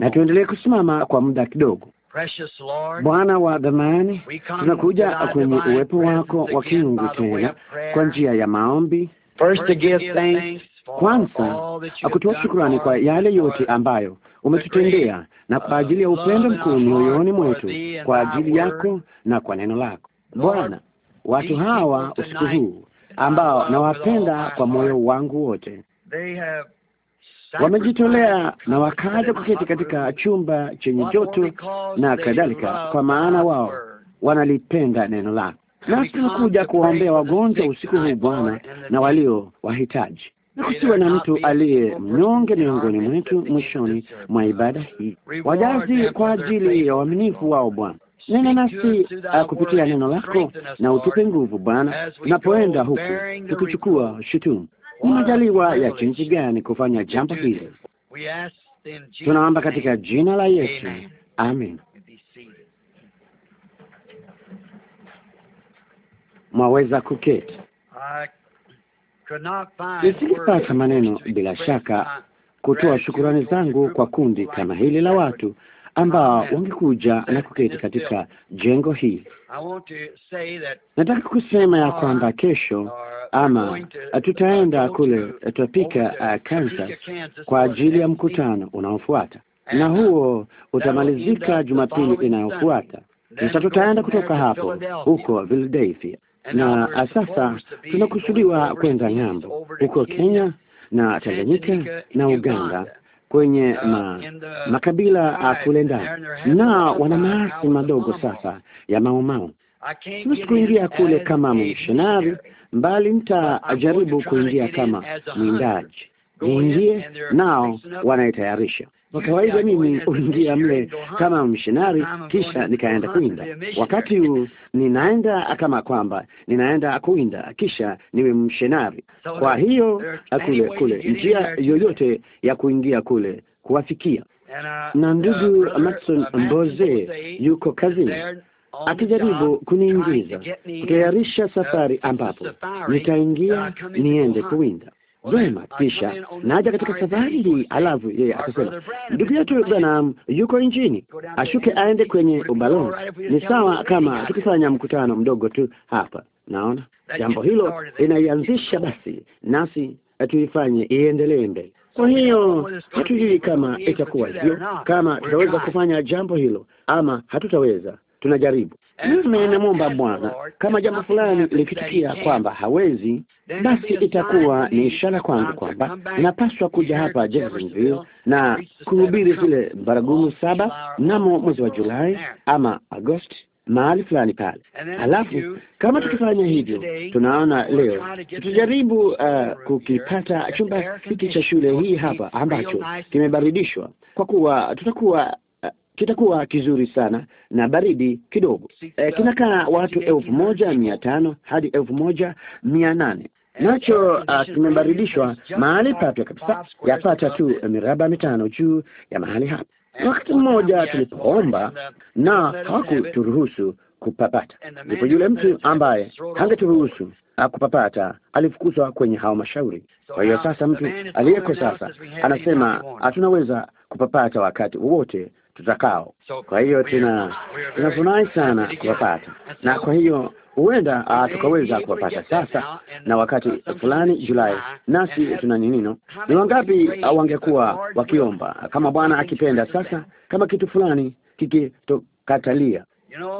na tuendelee kusimama kwa muda kidogo. Bwana wa dhamani, tunakuja kwenye uwepo wako wa kiungu tena kwa njia ya maombi, kwanza akutoa shukrani kwa yale yote ambayo umetutendea na kwa ajili ya upendo mkuu mioyoni mwetu kwa ajili yako na kwa neno lako Bwana. Watu hawa usiku huu ambao nawapenda kwa moyo wangu wote wamejitolea na wakaja kuketi katika chumba chenye joto na kadhalika, kwa maana wao wanalipenda neno lako. Nasi tunakuja kuwaombea wagonjwa usiku huu Bwana, na walio wahitaji, na na mtu aliye mnyonge miongoni mwetu mwishoni mwa ibada hii. Wajazi kwa ajili ya uaminifu wao Bwana, nena nasi uh, kupitia neno lako na utupe nguvu Bwana, tunapoenda huku tukichukua shutumu unajaliwa ya jinsi gani kufanya jambo hili. Tunaomba katika jina la Yesu, amin. Mwaweza kuketi. Nisingepata maneno bila shaka kutoa shukurani zangu kwa kundi kama hili la watu ambao wangekuja na kuketi katika jengo hili. Nataka kusema ya kwamba kesho ama tutaenda kule, tutapika uh, Kansas kwa ajili ya mkutano unaofuata, na uh, huo utamalizika Jumapili inayofuata. Sasa tutaenda kutoka hapo huko Philadelphia, na uh, sasa tunakusudiwa kwenda ng'ambo huko Kenya na Tanganyika na Uganda kwenye uh, ma, makabila uh, kule ndani, na wana maasi madogo sasa ya maumau. Siwezi kuingia kule kama mishonari, mbali nitajaribu kuingia kama mwindaji, niingie nao wanaitayarisha kwa kawaida yaani mimi huingia mle kama mshinari, kisha nikaenda kuinda. Wakati huu ninaenda kama kwamba ninaenda kuinda, kisha niwe mshinari. Kwa hiyo uh, kule kule, njia yoyote ya kuingia kule kuwafikia. Uh, Na uh, ndugu Matson Mboze yuko kazini akijaribu kuniingiza kutayarisha safari ambapo nitaingia niende kuwinda. Vema, kisha naja katika safari, alafu yeye akasema, ndugu yetu Branham yuko nchini, ashuke aende kwenye ubalozi. Ni sawa kama tukifanya mkutano mdogo tu hapa. Naona jambo hilo linaianzisha basi, nasi tuifanye iendelee mbele. Kwa hiyo hatujui kama itakuwa hivyo, kama tutaweza kufanya jambo hilo ama hatutaweza. Tunajaribu. Mimi namwomba Bwana, kama jambo fulani likitukia kwamba hawezi, basi itakuwa ni ishara kwangu um, kwamba napaswa kuja hapa Jeffersonville na kuhubiri zile baragumu oh, saba mnamo mwezi wa Julai ama Agosti mahali fulani pale. Alafu kama tukifanya hivyo, tunaona leo tutajaribu uh, kukipata chumba hiki cha shule hii hapa ambacho kimebaridishwa, kwa kuwa tutakuwa kitakuwa kizuri sana na baridi kidogo. E, kinakaa watu elfu moja mia tano hadi elfu moja mia nane eh, nacho uh, eh, ah, kimebaridishwa mahali papya kabisa, yapata tu miraba mitano juu ya mahali hapa. Wakati mmoja tulipoomba na hawakuturuhusu kupapata, ndipo yule mtu ambaye hangeturuhusu ah, kupapata alifukuzwa kwenye halmashauri. Kwa hiyo sasa mtu aliyeko sasa anasema hatunaweza kupapata wakati wowote tutakao. Kwa hiyo tuna tunafurahi sana kuwapata, na kwa hiyo huenda ah, tukaweza kuwapata sasa na wakati fulani Julai, nasi tuna ninino, ni wangapi wangekuwa wakiomba kama Bwana akipenda, sasa kama kitu fulani kikitokatalia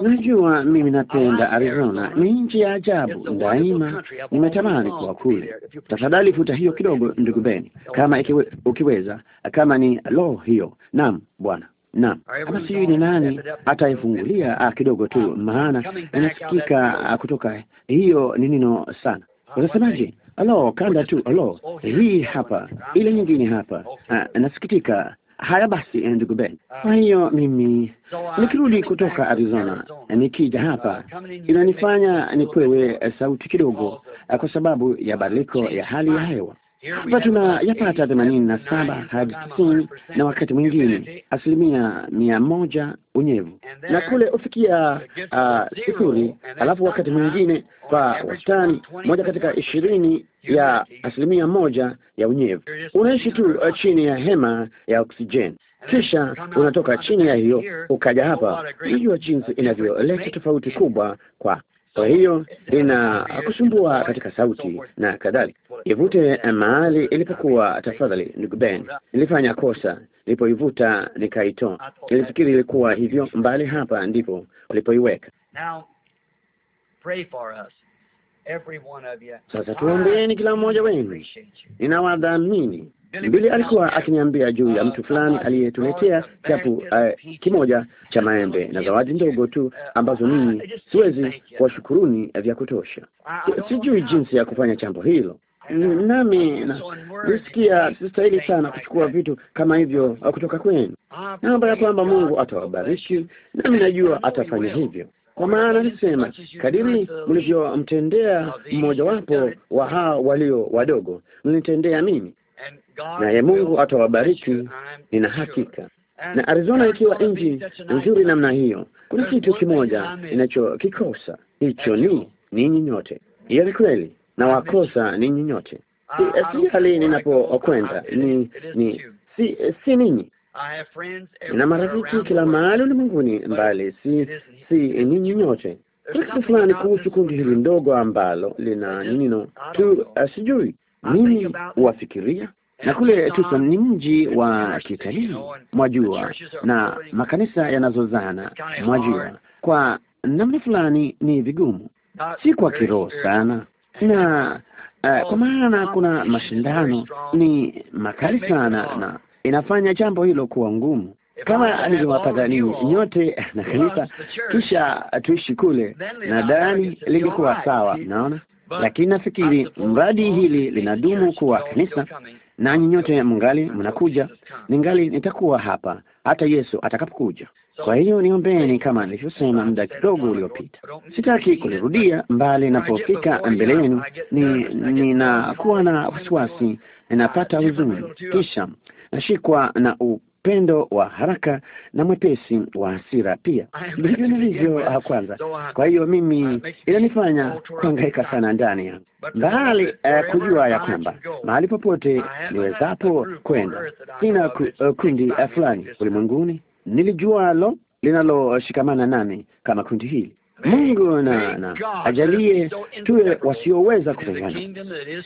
Najua mimi napenda Arizona, ni nchi ya ajabu daima, nimetamani kuwa kule. Tafadhali futa hiyo kidogo, ndugu Beni, kama ikiwe, ukiweza, kama ni lo hiyo. Naam bwana na hata sijui ni nani ataifungulia ah, kidogo tu, ah, maana inasikika ah, kutoka hiyo ni nino sana. Utasemaje? Alo, kanda tu, alo, oh, hii hapa, ile nyingine hapa. Nasikitika. Haya basi, ndugu Ben. Kwa hiyo mimi uh, nikirudi kutoka Arizona, nikija hapa, inanifanya nipwewe eh, sauti kidogo, kwa sababu ya badiliko ya hali ya hewa. Hapa yapata themanini na saba hadi tisini na wakati mwingine asilimia mia moja unyevu, na kule hufikia uh, ah, sifuri. Alafu wakati mwingine kwa wastani moja katika ishirini ya asilimia moja ya unyevu, unaishi tu ah, chini ya hema ya oksijeni, kisha unatoka chini ya hiyo ukaja hapa. Unajua jinsi uh, inavyoleta tofauti kubwa kwa kwa hiyo ina kusumbua katika sauti na kadhalika. Ivute mahali ilipokuwa. Tafadhali ndugu Ben, nilifanya kosa nilipoivuta nikaitoa. Nilifikiri ilikuwa hivyo mbali. Hapa ndipo ulipoiweka. Sasa tuombeeni kila mmoja wenu, ninawadhamini Bili alikuwa akiniambia juu ya mtu fulani aliyetuletea chapu uh, kimoja cha maembe na zawadi ndogo tu ambazo mimi siwezi kuwashukuruni vya kutosha. Sijui jinsi ya kufanya jambo hilo nami nisikia sistahili sana kuchukua vitu kama hivyo kutoka kwenu. Naomba ya kwamba Mungu atawabariki, nami najua atafanya hivyo, kwa maana nilisema, kadiri mlivyomtendea mmojawapo wa hao walio wadogo mlinitendea mimi naye Mungu atawabariki, nina hakika. Na Arizona ikiwa nchi nzuri namna hiyo, kuna kitu kimoja inachokikosa hicho ni ninyi nyote. Hiyo ni kweli, na wakosa ninyi nyote. Si hali ninapokwenda ni ni si, si ninyi na marafiki kila mahali ulimwenguni, mbali si si ninyi nyote. Kuna kitu fulani kuhusu kundi hili ndogo ambalo lina nino tu, ah, sijui mimi huwafikiria na kule Tucson ni mji wa kitalii mwajua, na makanisa yanazozana mwajua. Kwa namna fulani ni vigumu, si kwa kiroho sana, na uh, kwa maana kuna mashindano ni makali sana, na inafanya jambo hilo kuwa ngumu kama alivyowapata nini nyote na kanisa, kisha tuishi kule, nadhani lingekuwa sawa. Naona lakini nafikiri mradi hili linadumu kuwa kanisa, nanyi nyote mngali mnakuja, ningali nitakuwa hapa hata Yesu atakapokuja. Kwa hiyo niombeni kama nilivyosema muda kidogo uliopita. Sitaki kulirudia mbali. Napofika mbele yenu, ninakuwa na wasiwasi, ninapata huzuni, kisha nashikwa na upendo wa haraka na mwepesi wa hasira pia ndivyo nilivyo ah, kwanza. Kwa hiyo mimi inanifanya kuhangaika sana ndani ya mbali uh, kujua ya kwamba mahali popote niwezapo kwenda sina ku, uh, kundi eh, fulani ulimwenguni nilijua lo linaloshikamana nami kama kundi hili Mungu na, na ajalie tuwe wasioweza kutengana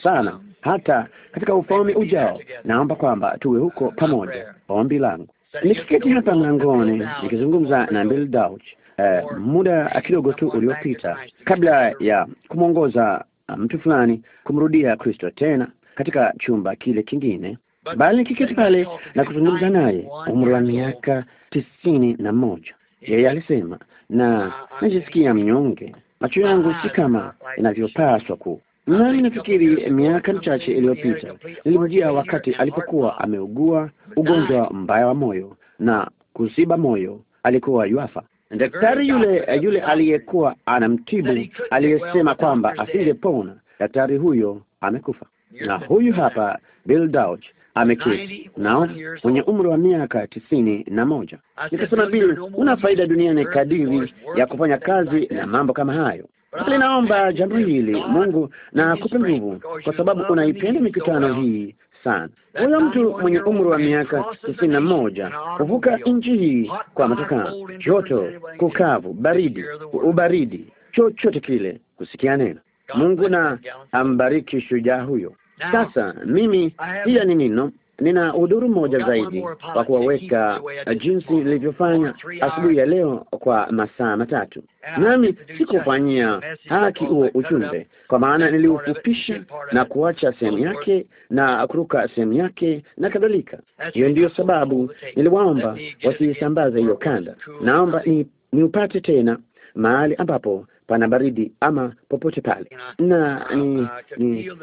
sana hata katika ufalme ujao. Naomba kwamba tuwe huko pamoja. Ombi langu nikiketi hapa mlangoni nikizungumza na Bill Dauch eh, muda kidogo tu uliopita, kabla ya kumwongoza eh, mtu fulani kumrudia Kristo tena katika chumba kile kingine, bali nikiketi pale na kuzungumza naye, umri wa miaka tisini na moja, yeye alisema na ah, najisikia ah, mnyonge, macho ah, yangu si kama inavyopaswa ku nami nafikiri miaka michache iliyopita nilimjia wakati alipokuwa ameugua ugonjwa mbaya wa moyo na kuziba moyo, alikuwa yuafa. Daktari yule yule aliyekuwa anamtibu aliyesema kwamba asingepona, daktari huyo amekufa. Na huyu hapa Bill Dauch ameketi naona mwenye umri wa miaka tisini na moja. Nikasema Bili, una faida duniani kadiri ya kufanya kazi na mambo kama hayo. linaomba naomba jambo hili Mungu na kupe nguvu, kwa sababu unaipenda mikutano hii sana. Huyo mtu mwenye umri wa miaka tisini na moja kuvuka nchi hii kwa matokano, joto, kukavu, baridi, ubaridi, chochote kile, kusikia neno Mungu na ambariki shujaa huyo. Sasa mimi pia ni nino nina udhuru mmoja zaidi wa kuwaweka jinsi nilivyofanya asubuhi ya leo kwa masaa matatu, nami sikufanyia haki huo ujumbe, kwa maana niliufupisha na kuacha sehemu yake na kuruka sehemu yake na kadhalika. Hiyo ndiyo sababu niliwaomba wasiisambaze hiyo kanda. Naomba ni niupate tena mahali ambapo pana baridi ama popote pale, na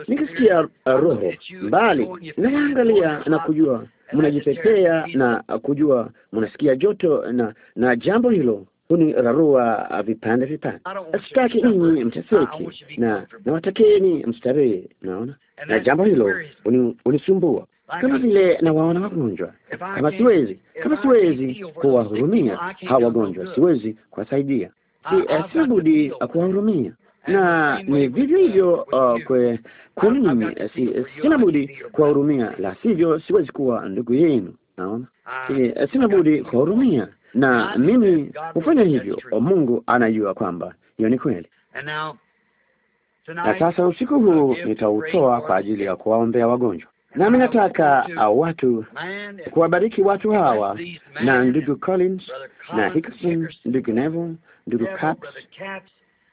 nikisikia ni, roho mbali naangalia na kujua mnajipepea na kujua mnasikia joto na, na jambo hilo huni rarua vipande vipande. Sitaki ninyi mteseke na nawatakeni mstarehe, naona na jambo hilo unisumbua kama vile nawaona wagonjwa, kama siwezi kama siwezi kuwahurumia hawa wagonjwa, siwezi kuwasaidia Eh, ah, si budi kuwahurumia eh, na ni vivyo hivyo eh, kwa mimi, sina budi kuwahurumia, la sivyo siwezi kuwa ndugu yenu. Naona ah, sina budi kuwahurumia, na ah, mimi hufanya hivyo. Mungu anajua kwamba hiyo ni kweli. Na sasa usiku huu nitautoa kwa ajili ya kuwaombea wagonjwa, nami nataka watu kuwabariki watu hawa na ndugu Collins na Hickson, ndugu Neville ndugu Katz,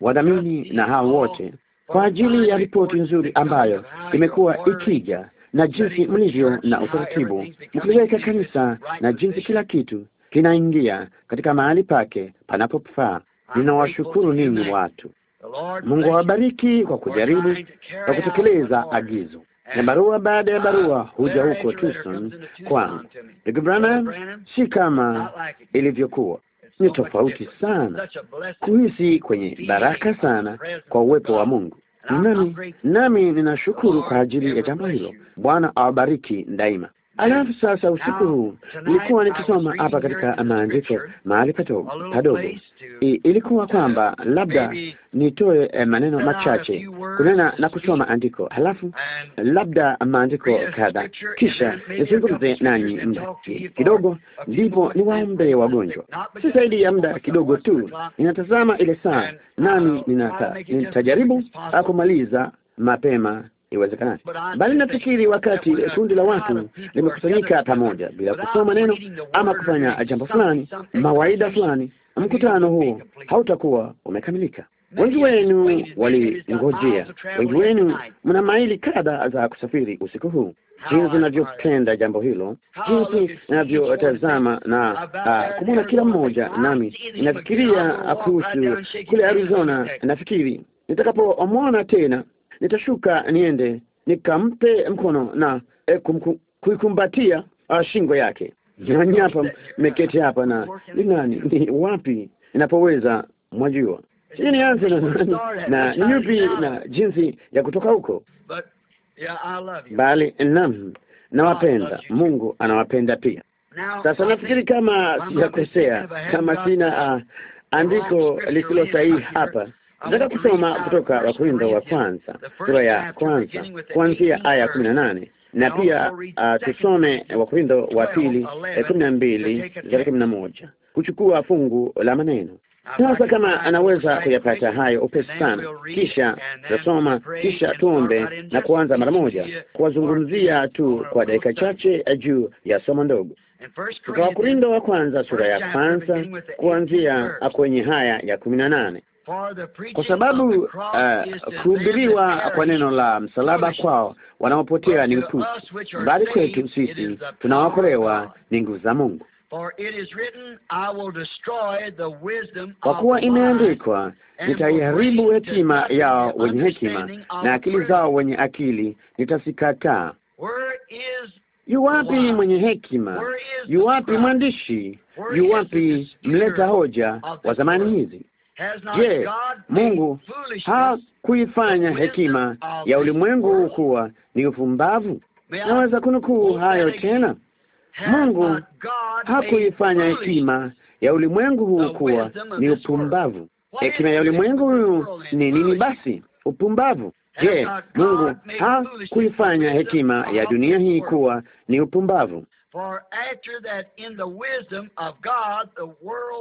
wadhamini na hao wote kwa ajili ya ripoti nzuri ambayo imekuwa ikija na jinsi mlivyo na utaratibu mkiliweka kanisa na jinsi kila kitu kinaingia katika mahali pake panapofaa. Ninawashukuru ninyi watu. Mungu awabariki kwa kujaribu kwa kutekeleza agizo na barua baada ya barua huja huko Tucson kwangu. Ndugu Branham, si kama ilivyokuwa ni tofauti sana kuishi kwenye baraka sana kwa uwepo wa Mungu. Nami nami ninashukuru kwa ajili ya jambo hilo. Bwana awabariki daima. Alafu sasa usiku huu nilikuwa nikisoma hapa katika maandiko mahali padogo padogo, ilikuwa kwamba labda nitoe eh, maneno machache kunena na kusoma andiko, halafu labda maandiko kadha, kisha nizungumze nanyi muda kidogo, ndipo niwaombee wagonjwa, si zaidi ya muda kidogo tu. Ninatazama ile saa, nami uh, nitajaribu kumaliza mapema iwezekanavyo, bali nafikiri wakati kundi la watu limekusanyika pamoja bila kusoma neno ama kufanya jambo fulani, mawaida fulani, mkutano huo hautakuwa umekamilika. Wengi wenu walingojea, wengi wenu mna maili kadha za kusafiri usiku huu. Jinsi ninavyopenda jambo hilo, jinsi ninavyotazama na uh, kumwona kila mmoja, nami inafikiria kuhusu kule Arizona. Nafikiri nitakapomwona tena nitashuka niende nikampe mkono na e, kuikumbatia ah, shingo yake. Nani hapa meketi hapa na ni nani? Ni wapi inapoweza mwajua, sijui nianze na nani na ni yupi na jinsi ya kutoka huko. Bali naam, nawapenda. Mungu anawapenda pia. Sasa nafikiri kama sijakosea, kama sina uh, andiko lisilo sahihi hapa Nataka kusoma kutoka Wakorintho wa kwanza sura ya kwanza kuanzia aya ya kumi na nane na pia uh, tusome Wakorintho wa pili eh, kumi na mbili zara kumi na moja kuchukua fungu la maneno sasa. Kama anaweza kuyapata hayo upesi sana, kisha tutasoma, kisha tuombe na kuanza mara moja kuwazungumzia tu kwa dakika chache eh, juu ya somo ndogo kwa Wakorintho wa kwanza sura ya kwanza kuanzia ah, kwenye haya ya kumi na nane kwa sababu uh, kuhubiriwa kwa neno la msalaba kwao wanaopotea ni upuzi, bali kwetu sisi tunaokolewa ni nguvu za Mungu. Kwa kuwa imeandikwa, nitaiharibu hekima yao wenye hekima, na akili zao wenye akili nitazikataa. Yuwapi mwenye hekima? Yuwapi mwandishi? Yuwapi mleta hoja wa zamani hizi? Je, Mungu hakuifanya hekima ya ulimwengu kuwa ni upumbavu? Naweza kunukuu hayo tena. Mungu hakuifanya hekima ya ulimwengu huu kuwa ni upumbavu. Hekima ya ulimwengu huu ni nini basi? Upumbavu. Je, Mungu hakuifanya hekima ya dunia hii kuwa ni upumbavu?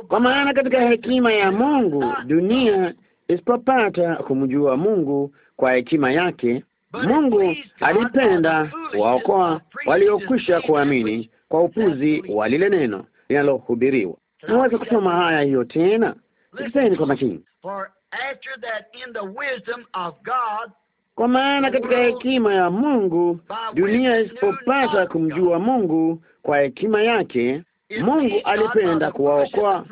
Kwa maana katika hekima ya Mungu dunia isipopata kumjua Mungu kwa hekima yake, Mungu alipenda waokoa waliokwisha kuamini kwa upuzi wa lile neno linalohubiriwa. Naweza kusoma haya hiyo tena, sikizeni kwa makini. Kwa maana katika hekima ya Mungu dunia isipopata kumjua Mungu kwa hekima yake, Mungu alipenda kuwaokoa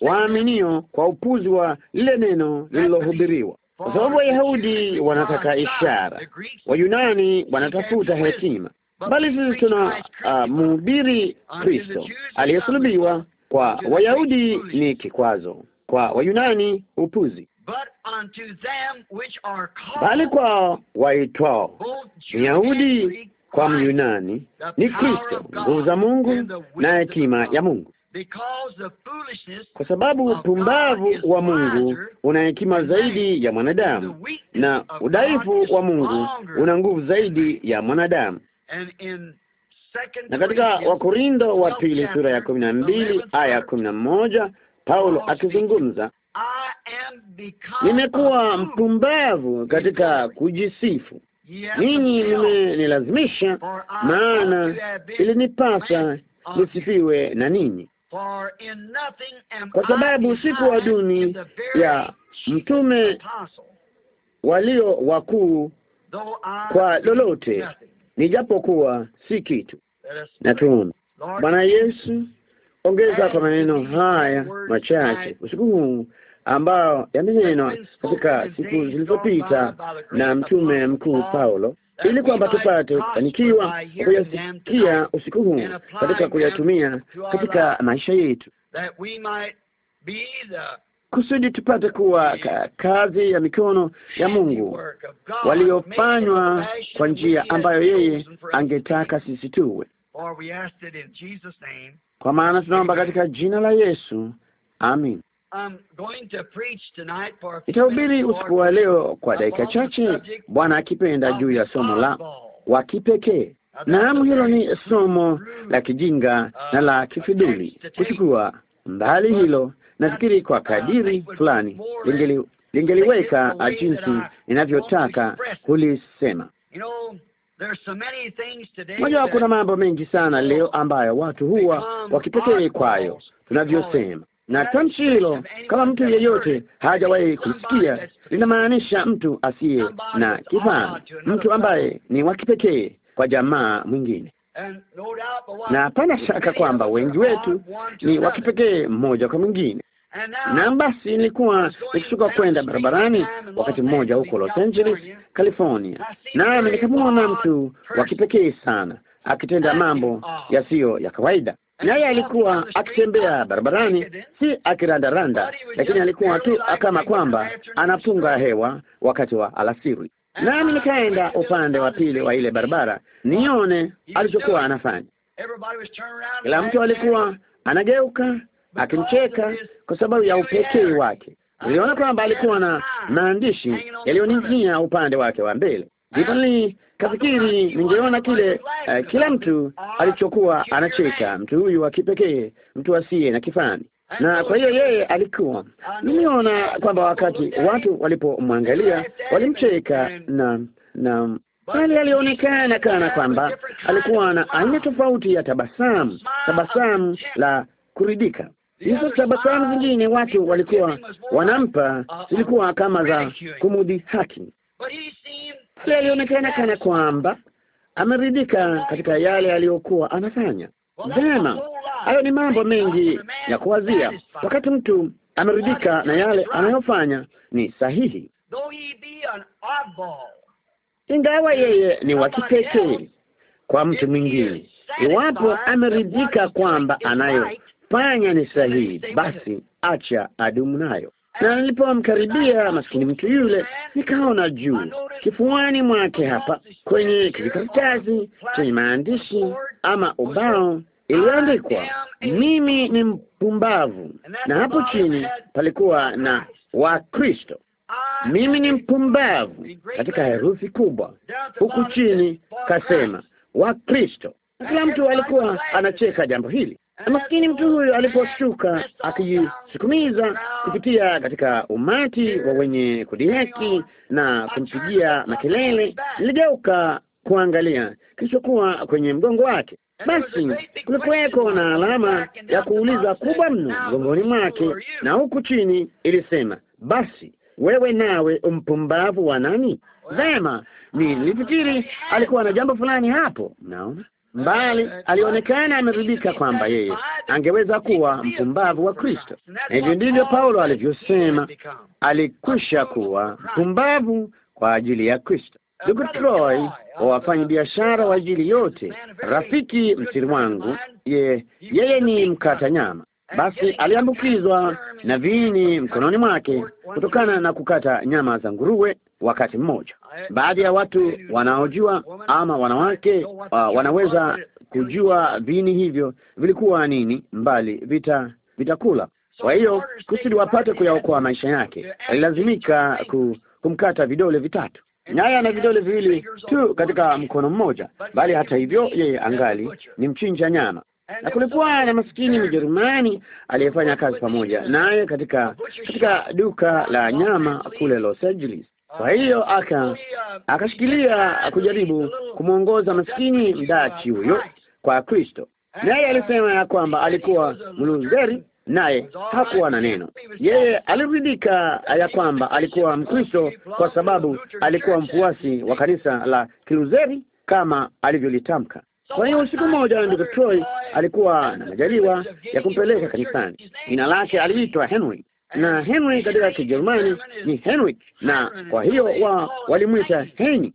waaminio kwa upuzi wa lile neno lililohubiriwa, kwa sababu Wayahudi wanataka ishara, Wayunani wanatafuta hekima, bali sisi tuna uh, mhubiri Kristo aliyesulubiwa. Kwa Wayahudi ni kikwazo, kwa Wayunani upuzi, bali kwa waitwao Myahudi kwa Myunani ni Kristo nguvu za Mungu na hekima ya Mungu, kwa sababu upumbavu wa Mungu una hekima zaidi ya mwanadamu na udhaifu wa Mungu una nguvu zaidi ya mwanadamu. Na katika Wakorintho wa pili sura ya kumi na mbili aya ya kumi na moja Paulo akizungumza nimekuwa mpumbavu katika kujisifu. Ninyi mmenilazimisha, maana ilinipasa nisifiwe na ninyi, kwa sababu sikuwa duni ya mtume walio wakuu kwa lolote, nijapokuwa si kitu. Na tuombe. Bwana Yesu, ongeza kwa maneno haya machache usiku huu ambayo yamenenwa katika siku zilizopita na mtume mkuu Paulo, ili kwamba tupate kufanikiwa kuyasikia usiku huu katika kuyatumia katika maisha yetu, kusudi tupate kuwa kazi ya mikono ya Mungu waliofanywa kwa njia ambayo yeye angetaka sisi tuwe. Kwa maana tunaomba katika jina la Yesu, amin. Nitahubiri usiku wa leo kwa dakika chache, Bwana akipenda, juu ya somo la wa kipekee. Naam, hilo ni somo la kijinga na la kifiduli. Kuchukua mbali hilo, nafikiri kwa uh, kadiri fulani lingeli, lingeliweka jinsi inavyotaka kulisema. Unajua, kuna mambo mengi sana leo ambayo watu huwa wakipekee kwayo, tunavyosema na tamshi hilo, kama mtu yeyote hajawahi kusikia, linamaanisha mtu asiye na kifaa, mtu ambaye ni wa kipekee kwa jamaa mwingine, na hapana shaka kwamba wengi wetu ni wa kipekee mmoja kwa mwingine. Na basi nilikuwa nikishuka kwenda barabarani wakati mmoja huko Los Angeles, California, nami nikamwona mtu wa kipekee sana akitenda mambo yasiyo ya kawaida naye alikuwa akitembea barabarani, si akirandaranda, lakini alikuwa tu kama kwamba anapunga hewa wakati wa alasiri. Nami nikaenda upande wa pili wa ile barabara nione alichokuwa anafanya. Kila mtu alikuwa anageuka akimcheka kwa sababu ya upekee wake. Niliona kwamba alikuwa na maandishi yaliyonijia upande wake wa mbele, ndipo kafikiri ningeona kile uh, kila mtu alichokuwa anacheka, mtu huyu wa kipekee, mtu asiye na kifani. Na kwa hiyo yeye alikuwa, niliona kwamba wakati watu walipomwangalia walimcheka na na bali alionekana kana kwamba alikuwa na aina tofauti ya tabasamu, tabasamu la kuridhika. Hizo tabasamu zingine watu walikuwa wanampa zilikuwa kama za kumudhi haki yeye alionekana kana kwamba ameridhika katika yale aliyokuwa anafanya. Vema, hayo ni mambo mengi ya kuwazia. Wakati mtu ameridhika na yale anayofanya ni sahihi, ingawa yeye ni wa kipekee kwa mtu mwingine. Iwapo ameridhika kwamba anayofanya ni sahihi, basi acha adumu nayo na nilipomkaribia maskini mtu yule, nikaona juu kifuani mwake hapa kwenye kijikaratasi chenye maandishi ama ubao iliyoandikwa mimi ni mpumbavu, na hapo chini palikuwa na Wakristo. Mimi ni mpumbavu katika herufi kubwa, huku chini kasema Wakristo. Kila mtu alikuwa anacheka jambo hili. Maskini mtu huyu aliposhuka akijisukumiza kupitia katika umati wa wenye kudihaki na kumpigia makelele, niligeuka kuangalia kilichokuwa kwenye mgongo wake. Basi kulikuweko na alama ya kuuliza kubwa mno mgongoni mwake, na huku chini ilisema, basi wewe nawe umpumbavu wa nani? Vema, nilifikiri alikuwa na jambo fulani hapo, naona bali alionekana ameridhika kwamba yeye angeweza kuwa mpumbavu wa Kristo. Hivyo ndivyo Paulo alivyosema, alikwisha kuwa mpumbavu kwa ajili ya Kristo. Ndugu Troy, wa wafanya biashara wa ajili yote, rafiki msiri wangu, ye yeye ni mkata nyama, basi aliambukizwa na viini mkononi mwake kutokana na kukata nyama za nguruwe wakati mmoja. Baadhi ya watu wanaojua ama wanawake uh, wanaweza kujua viini hivyo vilikuwa nini, mbali vita vitakula. Kwa hiyo kusudi wapate kuyaokoa maisha yake, alilazimika ku, kumkata vidole vitatu naye ana vidole viwili tu katika mkono mmoja, bali hata hivyo, yeye angali ni mchinja nyama na kulikuwa na maskini Mjerumani aliyefanya kazi pamoja naye katika katika duka la nyama kule Los Angeles. Kwa hiyo aka akashikilia kujaribu kumwongoza maskini mdachi huyo kwa Kristo, naye alisema ya kwamba alikuwa mluzeri naye hakuwa na neno. Yeye aliridhika ya kwamba alikuwa Mkristo kwa sababu alikuwa mfuasi wa kanisa la Kiluzeri kama alivyolitamka. Kwa hiyo usiku mmoja ndugu Troy alikuwa na majaliwa ya kumpeleka kanisani. Jina lake aliitwa Henry, na Henry katika Kijerumani ni Henrik, na kwa hiyo wa walimwita Heni.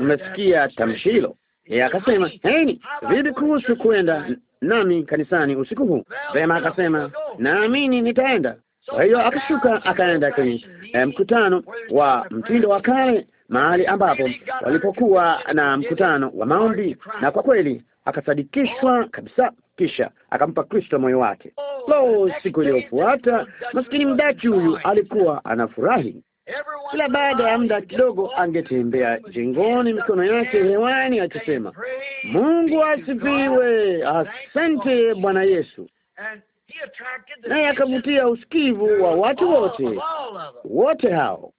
Mmesikia tamshi hilo? Yeye akasema Heni, vipi kuhusu kwenda nami kanisani usiku huu? Vema, akasema naamini nitaenda. Kwa hiyo akashuka akaenda kwenye eh, mkutano wa mtindo wa kale mahali ambapo walipokuwa na mkutano wa maombi, na kwa kweli akasadikishwa kabisa. Kisha akampa Kristo moyo wake. Oh, Lo, siku iliyofuata maskini mdachi huyu alikuwa anafurahi. Kila baada ya muda kidogo angetembea jengoni, mikono yake hewani, akisema Mungu asifiwe, asante Bwana Yesu. Naye akavutia usikivu wa watu wote wote hao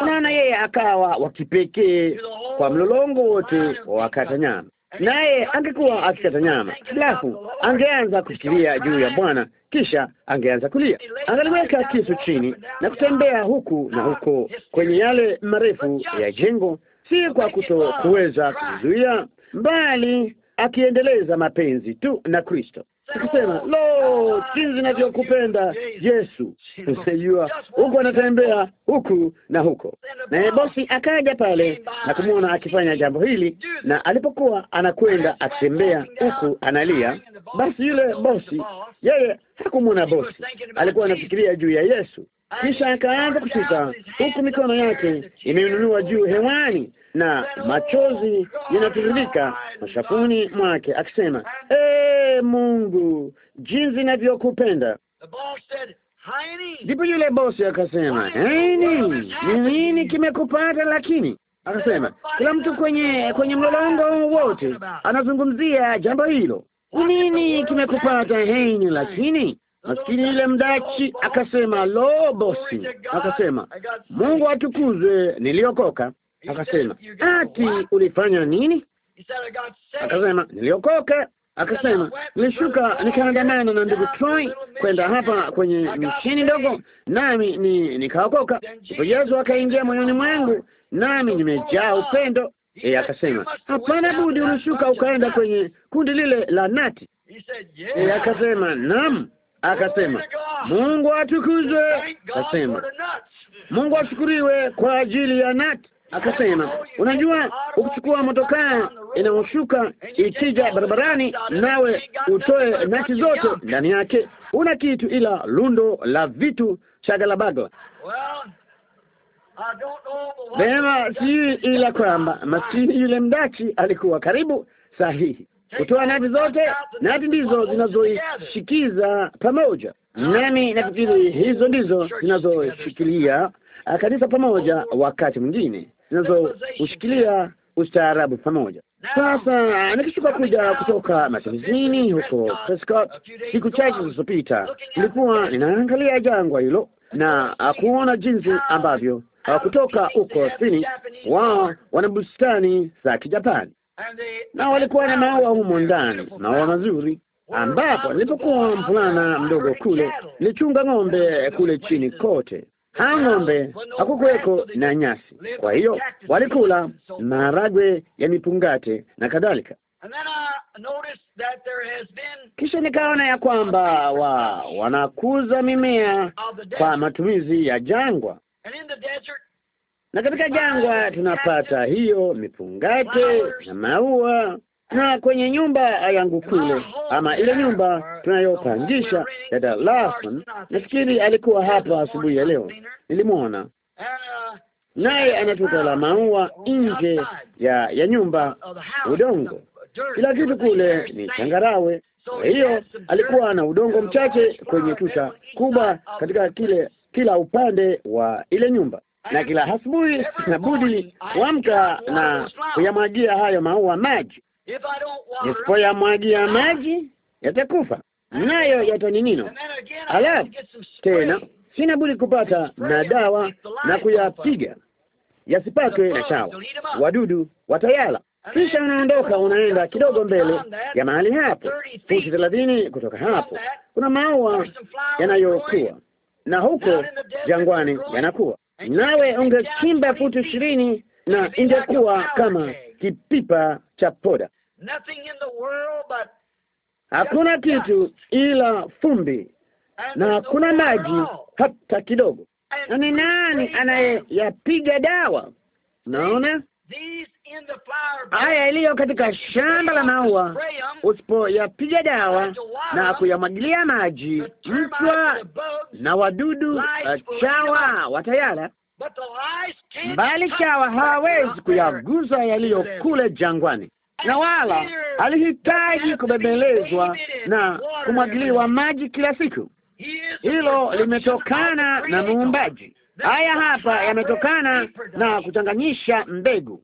Unaona, yeye akawa wa kipekee kwa mlolongo wote wa kata nyama, naye angekuwa akikata nyama, halafu angeanza kufikiria juu ya Bwana, kisha angeanza kulia. Angaliweka kisu chini na kutembea huku na ah, huko kwenye yale marefu ya jengo, si kwa kuto kuweza kuzuia, mbali akiendeleza mapenzi tu na Kristo. Nikasema, lo, jinsi ninavyokupenda Yesu. Sijua huku anatembea huku na huko, naye bosi akaja pale na kumwona akifanya jambo hili, na alipokuwa anakwenda akitembea huku analia, basi yule bosi, yeye hakumwona bosi, alikuwa anafikiria juu ya Yesu. Kisha akaanza kushika huku, mikono yake imeinunua juu hewani na machozi yanatiririka mashafuni mwake, akisema hey, eh, Mungu, jinsi ninavyokupenda. Ndipo yule bosi akasema, Haini, ni nini kimekupata? Lakini akasema kila mtu kwenye kwenye mlolongo wote anazungumzia jambo hilo. Ni nini kimekupata Haini? Lakini maskini yule mdachi akasema, lo bosi, akasema Mungu atukuzwe, niliokoka. Akasema ati ulifanya nini? Akasema niliokoka Akasema nikaenda nikaandamana na ndugu Troy kwenda hapa kwenye misheni ndogo, nami ni nikaokoka. Ndipo Yesu akaingia moyoni mwangu, nami nimejaa upendo. Yeye akasema hapana budi, ulishuka ukaenda kwenye kundi lile la nati. Yeye akasema naam. Akasema Mungu atukuzwe, akasema Mungu ashukuriwe kwa ajili ya nati akasema, unajua, ukichukua motokaa inayoshuka ikija barabarani, nawe utoe nati zote ndani yake, una kitu ila lundo la vitu chagalabagla Vema, sijui ila kwamba masihi yule mdachi alikuwa karibu sahihi. Kutoa nati zote, nati ndizo zinazoishikiza pamoja, nami nafikiri hizo ndizo zinazoshikilia kanisa pamoja wakati mwingine zinazoushikilia ustaarabu pamoja. Sasa nikishuka kuja kutoka matumizini huko Prescott siku chache zilizopita, nilikuwa ninaangalia jangwa hilo na kuona jinsi ambavyo kutoka huko sini wao wana bustani za Kijapani na walikuwa na maua humo ndani, maua mazuri, ambapo nilipokuwa mvulana mdogo kule nilichunga ng'ombe kule chini kote hao ng'ombe hakukuweko na nyasi, kwa hiyo walikula maharagwe ya mipungate na kadhalika. Kisha nikaona ya kwamba wa wanakuza mimea kwa matumizi ya jangwa, na katika jangwa tunapata hiyo mipungate na maua na kwenye nyumba yangu kule, ama ile nyumba tunayopangisha dada Lawson, nafikiri alikuwa hapa asubuhi ya leo, nilimwona naye anatupa la maua nje ya ya nyumba, udongo, kila kitu kule ni changarawe. Kwa hiyo alikuwa na udongo mchache kwenye tuta kubwa katika kile kila upande wa ile nyumba, na kila asubuhi na budi kuamka na kuyamwagia hayo maua maji nisipo ya maji ya maji yatakufa nayo yataninino. Alafu tena sina budi kupata na dawa na kuyapiga yasipatwe na chawa, wadudu watayala. Kisha unaondoka unaenda kidogo mbele ya mahali hapo, futi thelathini kutoka hapo, kuna maua yanayokuwa na huko jangwani yanakuwa, nawe ungechimba futi ishirini na ingekuwa kama kipipa cha poda. Hakuna kitu ila fumbi na hakuna maji hata kidogo. Na ni nani anayeyapiga dawa? Unaona haya iliyo katika shamba la maua, usipoyapiga dawa na kuyamwagilia maji, mchwa na wadudu chawa watayala, bali chawa hawezi kuyaguza yaliyo kule jangwani, na wala alihitaji kubebelezwa na kumwagiliwa maji kila siku. Hilo limetokana na Muumbaji. Haya hapa yametokana na kuchanganyisha mbegu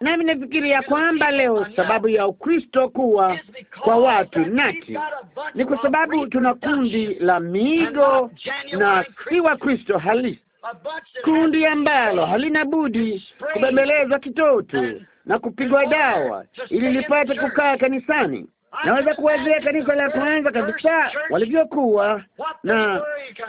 Nami nafikiria kwamba leo sababu ya Ukristo kuwa kwa watu nati ni kwa sababu tuna kundi la miigo na si wa Kristo halisi, kundi ambalo halina budi kubembelezwa kitoto na kupigwa dawa ili lipate kukaa kanisani. Naweza kuwazia kanisa la kwanza kabisa walivyokuwa na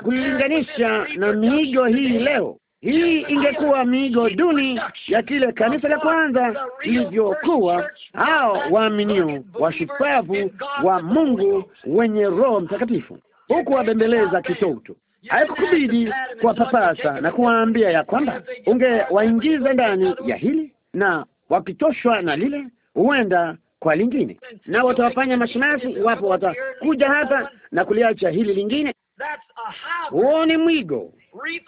kulilinganisha na miigo hii leo. Hii ingekuwa miigo duni ya kile kanisa la kwanza lilivyokuwa, hao waaminio washupavu wa Mungu wenye Roho Mtakatifu, huku wabembeleza kitoto. Haikukubidi kuwapapasa na kuwaambia ya kwamba ungewaingiza ndani ya hili, na wakitoshwa na lile huenda kwa lingine, na watawafanya mashimasi iwapo watakuja hapa na kuliacha hili lingine. Huo ni mwigo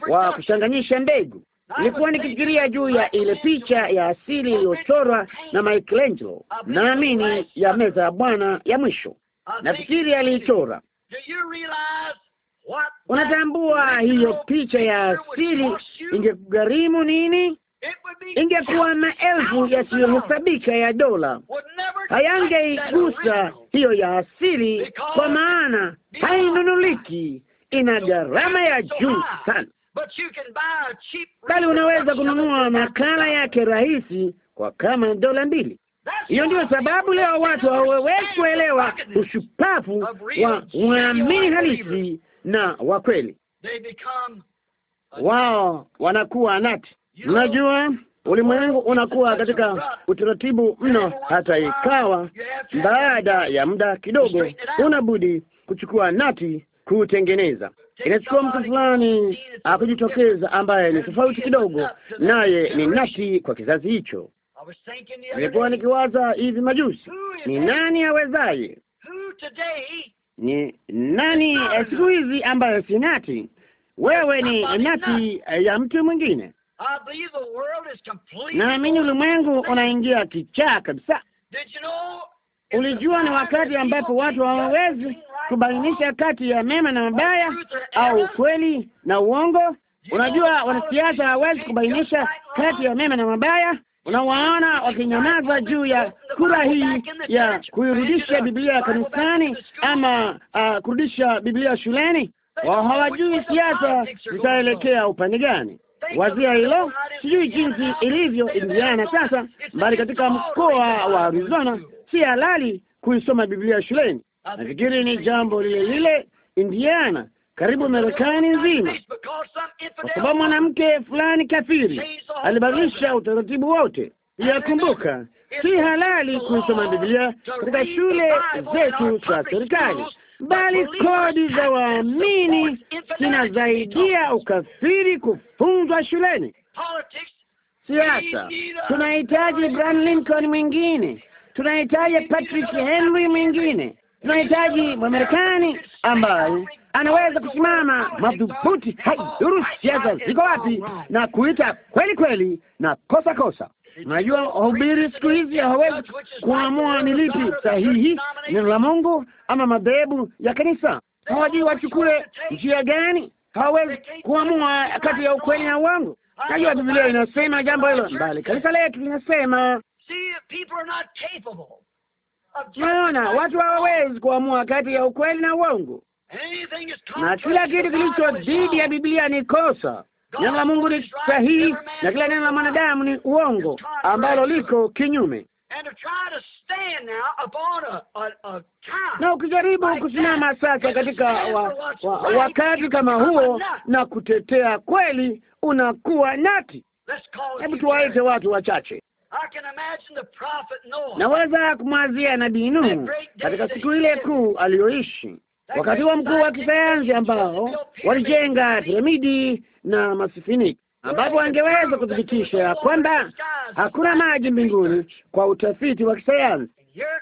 wa kuchanganyisha mbegu. Nilikuwa nikifikiria juu ya ile picha ya asili iliyochorwa na Michelangelo, naamini ya meza ya Bwana ya mwisho, nafikiri aliichora. Unatambua hiyo picha ya asili ingekugharimu nini? Ingekuwa maelfu yasiyohesabika ya dola. Hayangeigusa hiyo ya asili, kwa maana hainunuliki ina gharama ya juu sana, bali unaweza kununua makala yake rahisi kwa kama dola mbili. Hiyo ndiyo sababu leo watu hawawezi kuelewa ushupavu wa waamini halisi na wa kweli. Wao wanakuwa nati Unajua, ulimwengu unakuwa katika utaratibu mno, hata ikawa baada ya muda kidogo unabudi kuchukua nati kutengeneza. Inachukua mtu fulani akujitokeza ah, ambaye ni tofauti kidogo, naye ni nati kwa kizazi hicho. Nilikuwa nikiwaza hivi majuzi, ni nani awezaye, ni nani eh, siku hizi ambayo si nati? Wewe ni nati eh, ya mtu mwingine. Naamini ulimwengu unaingia kichaa kabisa. Ulijua ni wakati ambapo watu hawawezi kubainisha kati ya mema na mabaya, au ukweli na uongo. Unajua, wanasiasa hawezi kubainisha kati ya mema na mabaya. Unawaona wakinyamaza juu ya kura hii ya kuirudisha Biblia kanisani ama uh, kurudisha Biblia shuleni. Hawajui siasa zitaelekea upande gani. Wazia hilo, sijui jinsi ilivyo Indiana sasa, bali katika mkoa wa Arizona si halali kuisoma Biblia shuleni. Nafikiri ni jambo lile lile Indiana, karibu Marekani nzima, kwa sababu mwanamke fulani kafiri alibadilisha utaratibu wote. Yakumbuka, si halali kusoma Biblia katika shule zetu za serikali, bali kodi za waamini zinazaidia ukafiri kufunzwa shuleni. Siasa tunahitaji Abraham Lincoln mwingine, tunahitaji Patrick Henry mwingine tunahitaji Mwamerekani ambaye anaweza kusimama madhubuti, haidhuru siasa ziko wapi, na kuita kweli kweli na kosa kosa. Unajua, wahubiri siku hizi hawawezi kuamua ni lipi sahihi, neno la Mungu ama madhehebu ya kanisa. Hawajui wachukue njia gani, hawawezi kuamua kati ya ukweli na uongo. Najua Biblia inasema jambo hilo mbali, kanisa letu linasema Naona watu hawawezi kuamua kati ya ukweli na uongo, na kila kitu kilicho dhidi ya Biblia ni kosa. Neno la Mungu ni sahihi na kila neno la mwanadamu ni uongo ambalo liko kinyume. Na ukijaribu kusimama sasa katika wa, wa, wakati kama huo na kutetea kweli, unakuwa nati. Hebu tuwaite watu wachache Naweza kumwazia nabii Nuhu katika siku ile kuu aliyoishi, wakati wa mkuu wa kisayansi ambao walijenga piramidi na masifiniki, ambapo angeweza kuthibitisha ya kwamba hakuna maji mbinguni kwa utafiti wa kisayansi.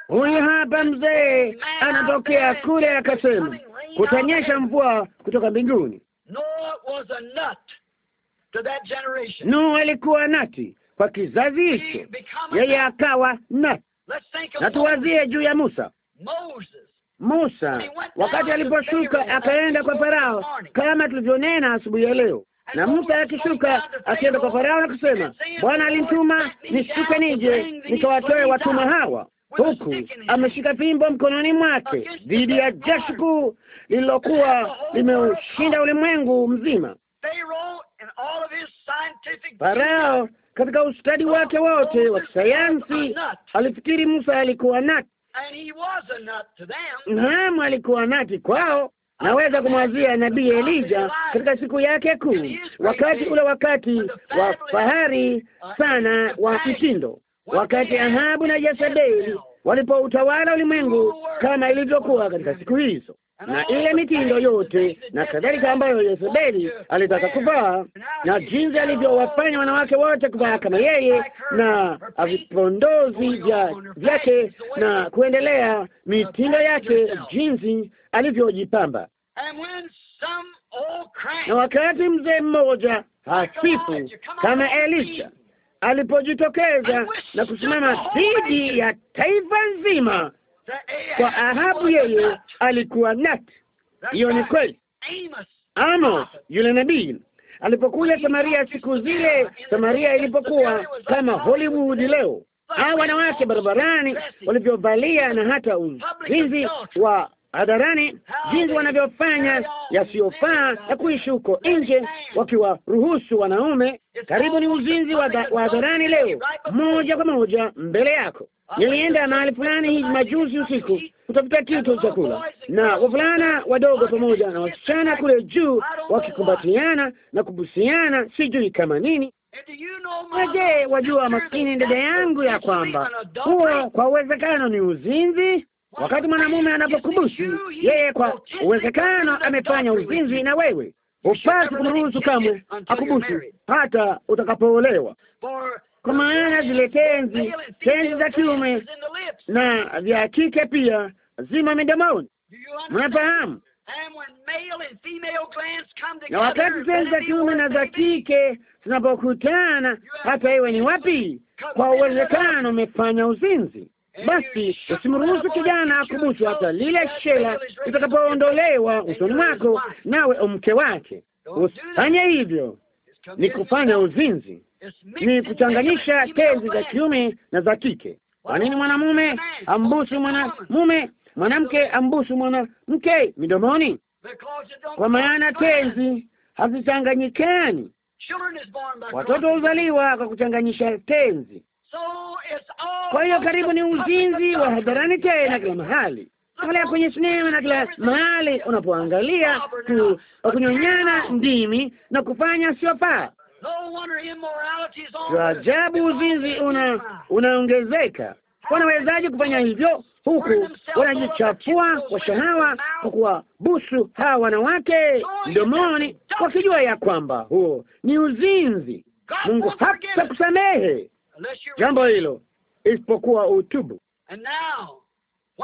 Huyu hapa mzee anatokea kule, akasema kutanyesha mvua kutoka mbinguni. Nuhu alikuwa nati kwa kizazi hicho, yeye akawa na na. Tuwazie juu ya Musa. Musa wakati aliposhuka akaenda kwa Farao, kama tulivyonena asubuhi ya leo, na Musa akishuka akienda kwa Farao na kusema, Bwana alinituma nishuke nije nikawatoe watumwa hawa, huku ameshika fimbo mkononi mwake dhidi ya jeshi kuu lililokuwa limeushinda ulimwengu mzima. Farao katika ustadi wake wote wa kisayansi alifikiri Musa alikuwa nati. Naam, alikuwa nati kwao. Naweza kumwazia nabii Elija katika siku yake kuu, wakati ule, wakati wa fahari sana wa kitindo, wakati Ahabu na Jezebeli walipoutawala ulimwengu kama ilivyokuwa katika siku hizo na ile mitindo yote na kadhalika ambayo Yezebeli alitaka kuvaa na jinsi alivyowafanya wanawake wote kuvaa kama yeye na vipondozi vyake na kuendelea mitindo yake, jinsi alivyojipamba. Na wakati mzee mmoja hafifu kama Elisha alipojitokeza na kusimama dhidi ya taifa nzima kwa Ahabu yeye alikuwa nat. Hiyo ni kweli. Amos yule nabii alipokuja Samaria siku zile, Samaria ilipokuwa kama Hollywood leo, hawa wanawake barabarani walivyovalia na hata uzinzi wa hadharani jinsi wanavyofanya yasiyofaa ya kuishi huko nje, wakiwaruhusu wanaume. Karibu ni uzinzi wa hadharani leo, moja kwa moja mbele yako. Nilienda mahali fulani hii majuzi usiku kutafuta kitu chakula na wavulana wadogo pamoja na wasichana kule juu wakikumbatiana na kubusiana, sijui kama nini. Je, wajua maskini dada yangu ya kwamba huo kwa uwezekano ni uzinzi? Wakati mwanamume anapokubusu yeye, kwa uwezekano amefanya uzinzi na wewe, upasi kumruhusu kamwe akubusu hata utakapoolewa, kwa maana zile tenzi tenzi za kiume na vya kike pia zima midomoni. Mnafahamu? Na wakati tenzi za kiume na za kike zinapokutana, hata iwe ni wapi, kwa uwezekano umefanya uzinzi basi usimruhusu kijana kubusu hata lile shela litakapoondolewa usoni mwako, nawe umke wake. Usifanye hivyo, ni kufanya uzinzi, ni kuchanganyisha tezi za kiume na za kike. Kwa nini mwanamume ambusu mwanamume, mwanamke ambusu mwanamke midomoni? Kwa maana tezi hazichanganyikani. Watoto huzaliwa kwa kuchanganyisha tezi. Kwa hiyo karibu ni uzinzi wa hadharani tena kila mahali angalia kwenye sinema na kila mahali unapoangalia tu kunyonyana ndimi na kufanya Kwa Ajabu, uzinzi una unaongezeka. Wanawezaje kufanya hivyo huku wanajichafua kwa shahawa kwa kuwabusu hawa wanawake mdomoni, wakijua ya kwamba huo ni uzinzi. Mungu hatakusamehe jambo hilo isipokuwa utubu.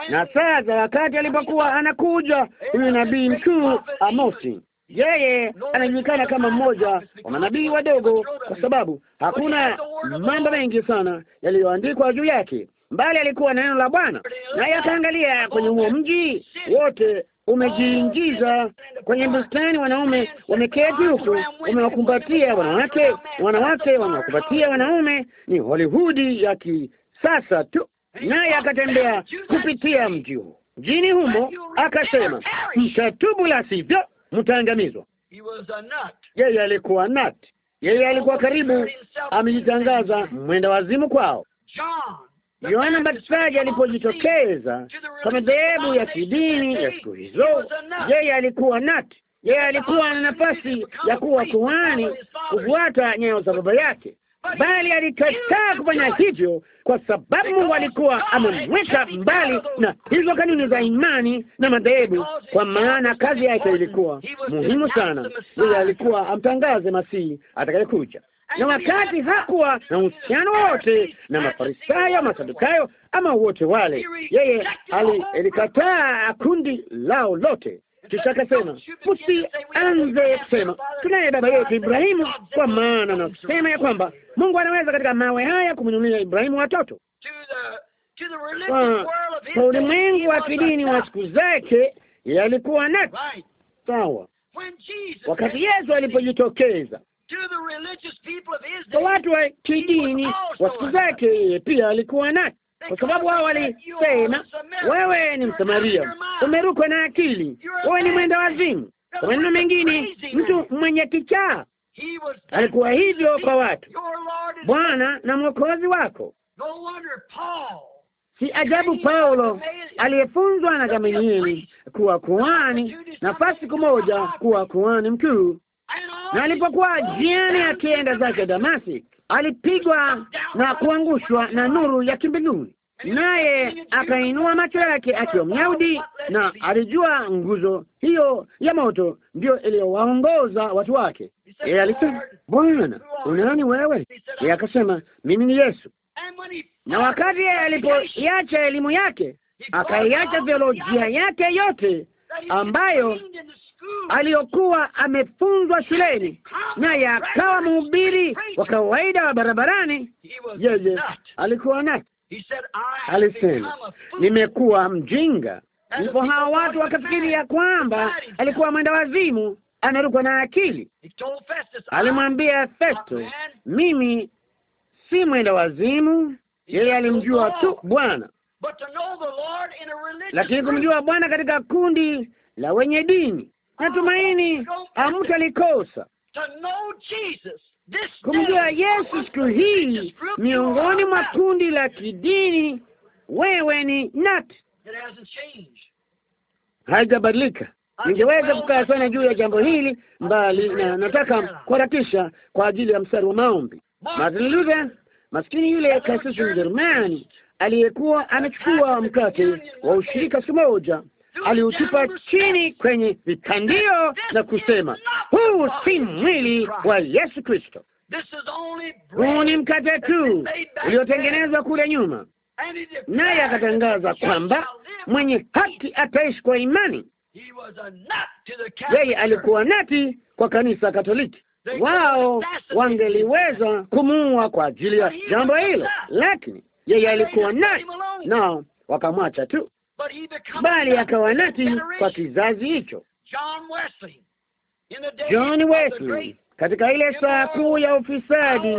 Na sasa wakati alipokuwa anakuja huyu nabii mkuu Amosi, yeye anajulikana kama mmoja wa manabii wadogo, kwa sababu hakuna mambo mengi sana yaliyoandikwa juu yake, mbali alikuwa na neno la Bwana, naye akaangalia kwenye huo mji wote umejiingiza kwenye bustani, wanaume wameketi huku, umewakumbatia wanawake, wanawake wamewakumbatia wanaume. Ni Hollywood ya kisasa tu. Naye akatembea kupitia mji huo, mjini humo, akasema mtatubu, la sivyo mtaangamizwa. Yeye alikuwa nati, yeye alikuwa karibu amejitangaza mwenda wazimu kwao. Yohana Mbatizaji alipojitokeza kwa madhehebu ya kidini ya siku hizo, yeye alikuwa nati, yeye alikuwa na nafasi ya kuwa kuhani, kufuata nyayo za baba yake, bali alikataa kufanya hivyo kwa sababu Mungu alikuwa amemweka mbali na hizo kanuni za imani na madhehebu, kwa maana kazi yake ilikuwa muhimu sana. Yeye alikuwa amtangaze Masihi atakayekuja na wakati hakuwa na uhusiano wote na Mafarisayo, Masadukayo ama wote wale. Yeye alikataa kundi lao lote, kisha akasema, msianze kusema tunaye baba yetu Ibrahimu, kwa maana nakusema ya kwamba Mungu anaweza katika mawe haya kumnunulia Ibrahimu watoto. Kwa ulimwengu wa kidini wa siku zake yalikuwa nati sawa. Wakati Yesu alipojitokeza kwa watu wa kidini wa siku zake, yeye pia alikuwa naye, kwa sababu wao walisema, wewe ni Msamaria, umerukwa na akili, wewe ni mwenda wazimu. Kwa maneno mengine, mtu mwenye kichaa. Alikuwa hivyo kwa watu, Bwana na mwokozi wako. Si ajabu Paulo aliyefunzwa na Gamalieli kuwa kuhani, nafasi kumoja kuwa kuhani mkuu na alipokuwa jiani akienda zake Damasi, alipigwa na kuangushwa na nuru ya kimbinguni, naye akainua macho yake akiwa Myahudi, na alijua nguzo hiyo ya moto ndiyo iliyowaongoza watu wake. Yeye alisema, Bwana unani wewe? Yeye akasema, mimi ni Yesu. Na wakati yeye alipoiacha elimu yake, akaiacha theolojia yake yote ambayo aliyokuwa amefunzwa shuleni, naye akawa mhubiri wa kawaida wa barabarani. Yeye alikuwa na alisema, nimekuwa mjinga. Ndipo hao watu wakafikiri ya kwamba alikuwa mwenda wazimu anarukwa na akili. Alimwambia Festo, mimi si mwenda wazimu. Yeye alimjua tu Bwana, lakini kumjua Bwana katika kundi la wenye dini natumaini hamtalikosa kumjua Yesu siku hii miongoni mwa kundi la kidini. Wewe ni nat haijabadilika. Ningeweza kukaa sana juu ya jambo hili mbali, na nataka kuharakisha kwa ajili ya mstari wa maombi. Martin Luther, maskini yule kasisi Mjerumani aliyekuwa anachukua mkate wa ushirika siku moja aliutupa chini kwenye vitandio na kusema, huu si mwili wa Yesu Kristo, huu ni mkate tu uliotengenezwa kule nyuma. Naye akatangaza kwamba mwenye haki ataishi kwa imani. Yeye alikuwa nati kwa kanisa Katoliki. Wao wangeliweza kumuua kwa ajili ya jambo hilo, lakini yeye alikuwa nati, nao wakamwacha tu bali nati kwa kizazi hicho. John Wesley katika ile saa kuu ya ufisadi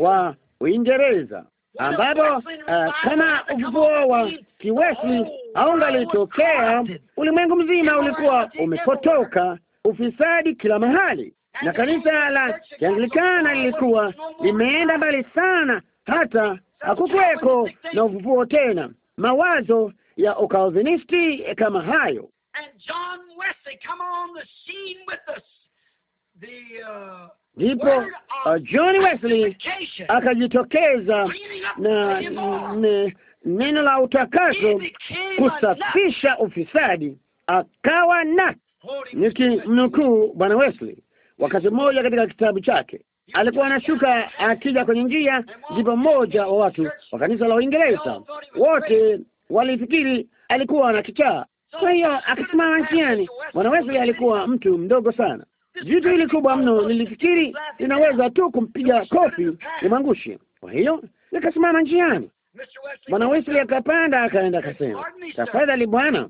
wa Uingereza ambapo uh, kama ufufuo wa kiwesi haungalitokea, ulimwengu mzima ulikuwa umepotoka, ufisadi kila mahali, na kanisa la Kianglikana lilikuwa limeenda mbali sana, hata hakukuweko na ufufuo tena. Mawazo ya ukalvinisti eh, kama hayo. Ndipo John Wesley uh, uh, akajitokeza na neno la utakaso kusafisha ufisadi, akawa na nikimnukuu Bwana Wesley wakati mmoja katika kitabu chake alikuwa anashuka akija kwenye njia, ndipo mmoja wa watu wa kanisa la Uingereza wote walifikiri alikuwa na kichaa. Kwa hiyo akasimama njiani. Bwana Wesley alikuwa mtu mdogo sana. Jitu hili kubwa mno, nilifikiri linaweza tu kumpiga kofi nimwangushe. Kwa hiyo nikasimama njiani. Bwana Wesley akapanda, akaenda akasema, tafadhali bwana,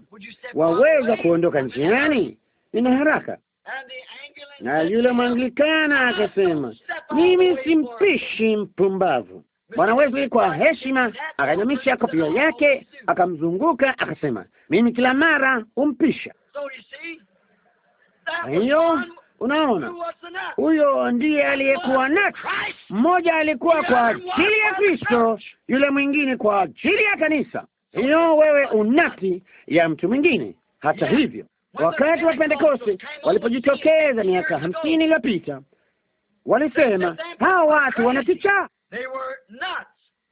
waweza kuondoka njiani, nina haraka. Na yule Mwanglikana akasema, mimi simpishi mpumbavu. Bwana Wesley kwa heshima akanyamisha kofia yake, akamzunguka, akasema, mimi kila mara humpisha. Hiyo unaona, huyo ndiye aliyekuwa nacho. Mmoja alikuwa kwa ajili ya Kristo, yule mwingine kwa ajili ya kanisa. Hiyo wewe unati ya mtu mwingine. Hata hivyo, wakati wa Pentekoste walipojitokeza miaka hamsini iliyopita, walisema hawa watu wanatucha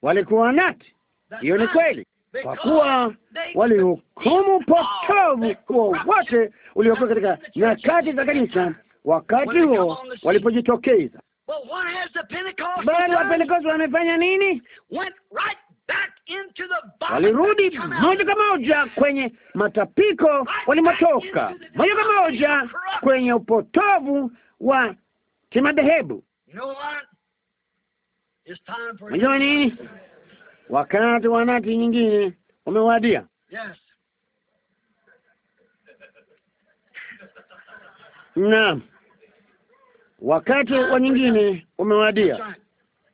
walikuwa nati. Hiyo ni kweli, kwa kuwa walihukumu upotovu kwa wote uliokuwa katika nyakati za kanisa wakati huo walipojitokeza. Bali Wapentekoste wamefanya nini? Walirudi moja kwa moja kwenye matapiko walimotoka, moja kwa moja kwenye upotovu wa kimadhehebu. Unajua nini, wakati wa nati nyingine umewadia. Yes. Naam, wakati wa nyingine umewadia.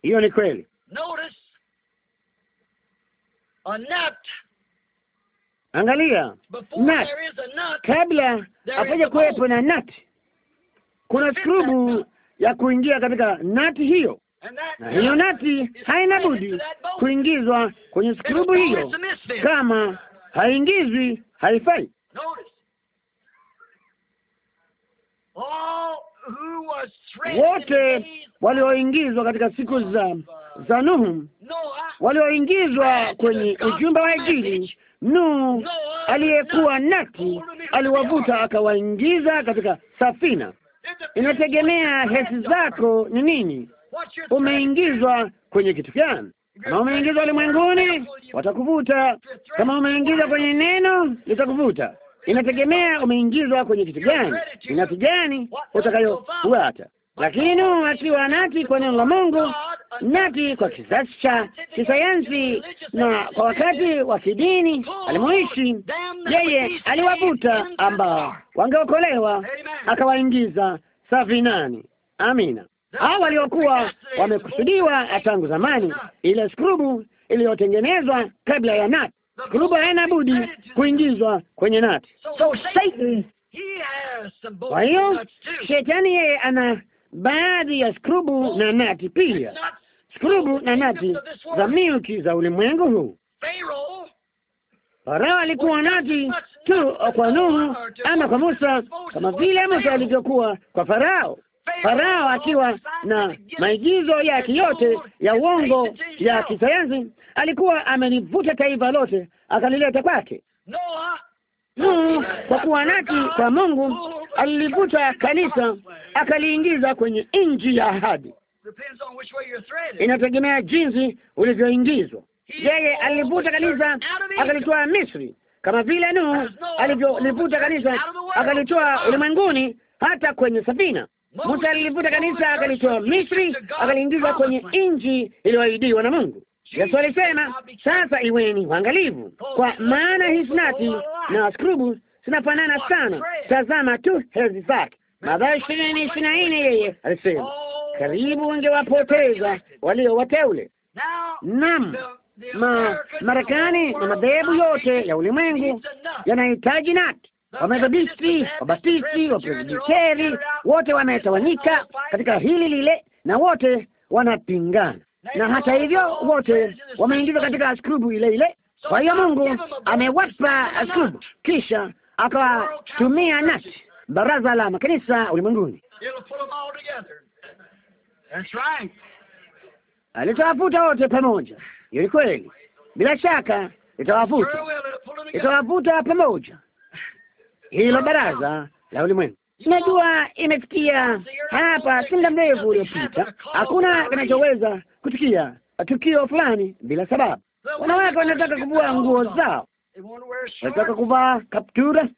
Hiyo ni kweli. Angalia nut, kabla hapaja kuwepo na nati kuna skrubu ya kuingia katika nati hiyo na hiyo nati haina budi kuingizwa kwenye skrubu hiyo. Kama haingizwi, haifai. Wote walioingizwa katika siku za za Nuhu, walioingizwa kwenye ujumbe wa Injili, Nuhu aliyekuwa nati aliwavuta akawaingiza katika safina. Inategemea hesi zako ni nini umeingizwa kwenye kitu gani. Kama umeingizwa ulimwenguni, watakuvuta. Kama umeingizwa kwenye neno, litakuvuta. Inategemea umeingizwa kwenye kitu gani, inati gani utakayofuata. Lakini akiwa nati kwa neno la Mungu, nati kwa kizazi cha kisayansi na kwa wakati wa kidini alimuishi yeye, aliwavuta ambao wangeokolewa, akawaingiza safinani. Amina hao waliokuwa wamekusudiwa tangu zamani, ile skrubu iliyotengenezwa kabla ya nati. Skrubu haina budi kuingizwa kwenye nati. So Satan, kwa hiyo shetani yeye ana baadhi ya skrubu oh, na nati pia, skrubu na nati za milki za ulimwengu huu. Farao alikuwa nati tu kwa Nuhu ama kwa Musa, kama vile Musa alivyokuwa kwa Farao. Farao akiwa na maigizo yake yote ya uongo ya kisayansi, alikuwa amenivuta taifa lote akalileta kwake. Nuhu kwa kuwa naki kwa Mungu alilivuta kanisa akaliingiza kwenye nchi ya ahadi. Inategemea jinsi ulivyoingizwa. Yeye alilivuta kanisa akalitoa Misri, kama vile Nuhu alivyolivuta kanisa akalitoa ulimwenguni, hata kwenye safina. Musa alilivuta kanisa akalitoa Misri, akaliingiza kwenye nchi iliyoahidiwa na Mungu. Yesu alisema, sasa iweni waangalivu, kwa maana hisnati na skrubu zinafanana sana, tazama tu hezi zake. Mathayo ishirini ishirini na nne yeye alisema, oh, karibu wangewapoteza walio wateule. Naam, ma Marekani na madhehebu yote ya ulimwengu yanahitaji nati Wamethodisti, wabatisi Wapresbiteri, wote wametawanyika katika hili lile, na wote wanapingana, na hata hivyo wote wameingizwa katika skrubu ile ile. Kwa hiyo Mungu amewapa skrubu, kisha akawatumia nasi baraza la makanisa ulimwenguni right. Alitawafuta wote pamoja. Hiyo ni kweli, bila shaka itawafuta, itawafuta pamoja hilo baraza la ulimwengu. Najua imefikia hapa si muda mrefu uliopita. Hakuna kinachoweza kutukia tukio fulani bila sababu. Wanawake wanataka kuvua nguo zao, wanataka kuvaa kaptura,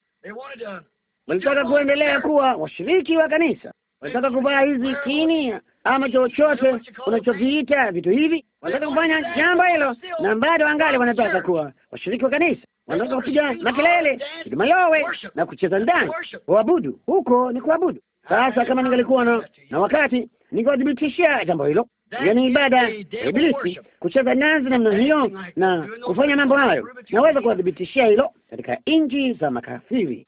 wanataka kuendelea kuwa washiriki wa kanisa, wanataka kuvaa hizi chini ama chochote unachoviita vitu hivi, wanataka kufanya jambo hilo na bado wangali wanataka kuwa washiriki wa kanisa wanaweza kupiga makelele, piga malowe na kucheza ndani, waabudu huko ni kuabudu. Sasa kama ningalikuwa na, na wakati ningewadhibitishia jambo hilo, yaani ibada ya Ibilisi kucheza nazi namna hiyo na kufanya mambo hayo, naweza kuwadhibitishia hilo katika nchi za makafiri.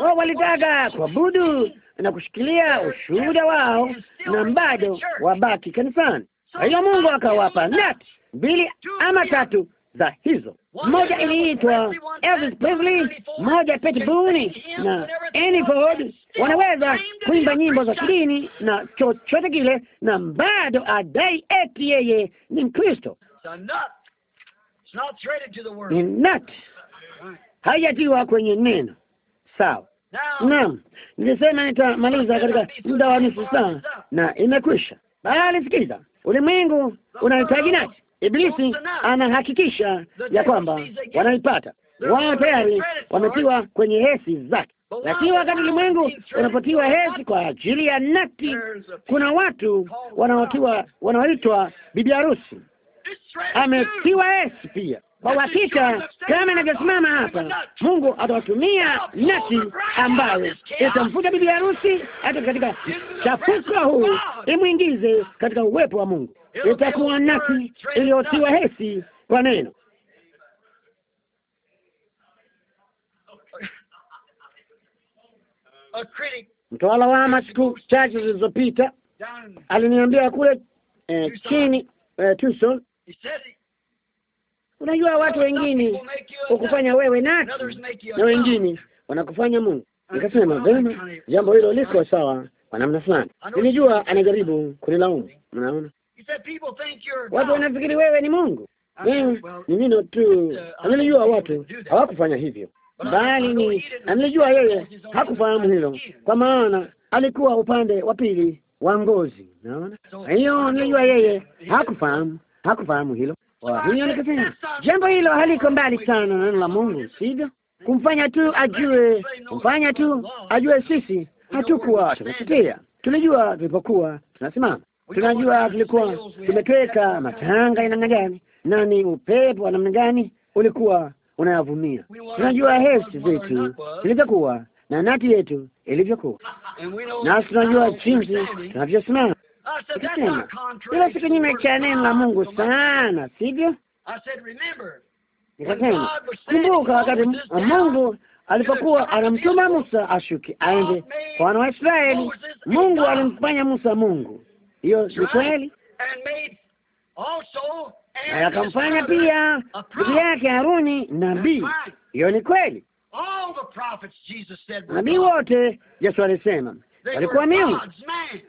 Wao walitaka kuabudu na kushikilia ushuhuda wao na bado wabaki kanisani. Kwa hiyo Mungu akawapa nati mbili ama tatu za hizo moja iliitwa Elvis Presley, moja Boone na Eniford. Wanaweza kuimba nyimbo za kidini na chochote kile, na bado adai eti yeye ni Mkristo. Ni nut haijatiwa kwenye neno sawa. Naam, nilisema nitamaliza katika muda wa nusu saa na imekwisha. Bali sikiliza, ulimwengu unahitaji nati Iblisi anahakikisha ya kwamba wanaipata wao, tayari wametiwa kwenye hesi zake. Lakini wakati ulimwengu unapotiwa hesi kwa ajili ya nati, kuna watu wanaotiwa wanaoitwa bibi harusi, ametiwa hesi pia. Kwa uhakika kama inavyosimama hapa, Mungu atawatumia nasi ambayo itamfuta bibi harusi hata katika chafuka huu, imwingize katika uwepo wa Mungu. Itakuwa nasi iliyotiwa hesi kwa neno. Mtawala wa siku chache zilizopita aliniambia kule eh, chini eh, Tucson Unajua, watu wengine wakufanya wewe nati, na wengine wanakufanya Mungu. Nikasema vema, jambo hilo liko sawa kwa namna fulani. Nilijua anajaribu kunilaumu. Mnaona, watu wanafikiri wewe ni Mungu. Eh, mimi ni mino tu, nilijua watu hawakufanya hivyo, bali ni nilijua yeye hakufahamu hilo, kwa maana alikuwa upande wa pili wa ngozi. Naona hiyo, nilijua yeye hakufahamu, hakufahamu hilo Wahinyo nikisema jambo hilo haliko mbali sana na neno la Mungu, sivyo? Kumfanya tu ajue, kumfanya tu ajue. Sisi hatukuwa tumetetea tulijua tulipokuwa tunasimama, tunajua tulikuwa tumetweka matanga ya namna gani, nani upepo wa namna gani ulikuwa unayavumia. Tunajua hesi zetu zilivyokuwa na nati yetu ilivyokuwa, nasi tunajua jinsi tunavyosimama kitendo. Kila siku nyume cha neno la Mungu sana, sivyo? Nikasema, kumbuka wakati Mungu alipokuwa anamtuma Musa ashuke aende kwa wana wa Israeli, Mungu alimfanya Musa Mungu. Hiyo ni kweli, na akamfanya pia ndugu yake Haruni nabii. Hiyo ni kweli. Nabii wote Yesu alisema walikuwa miungu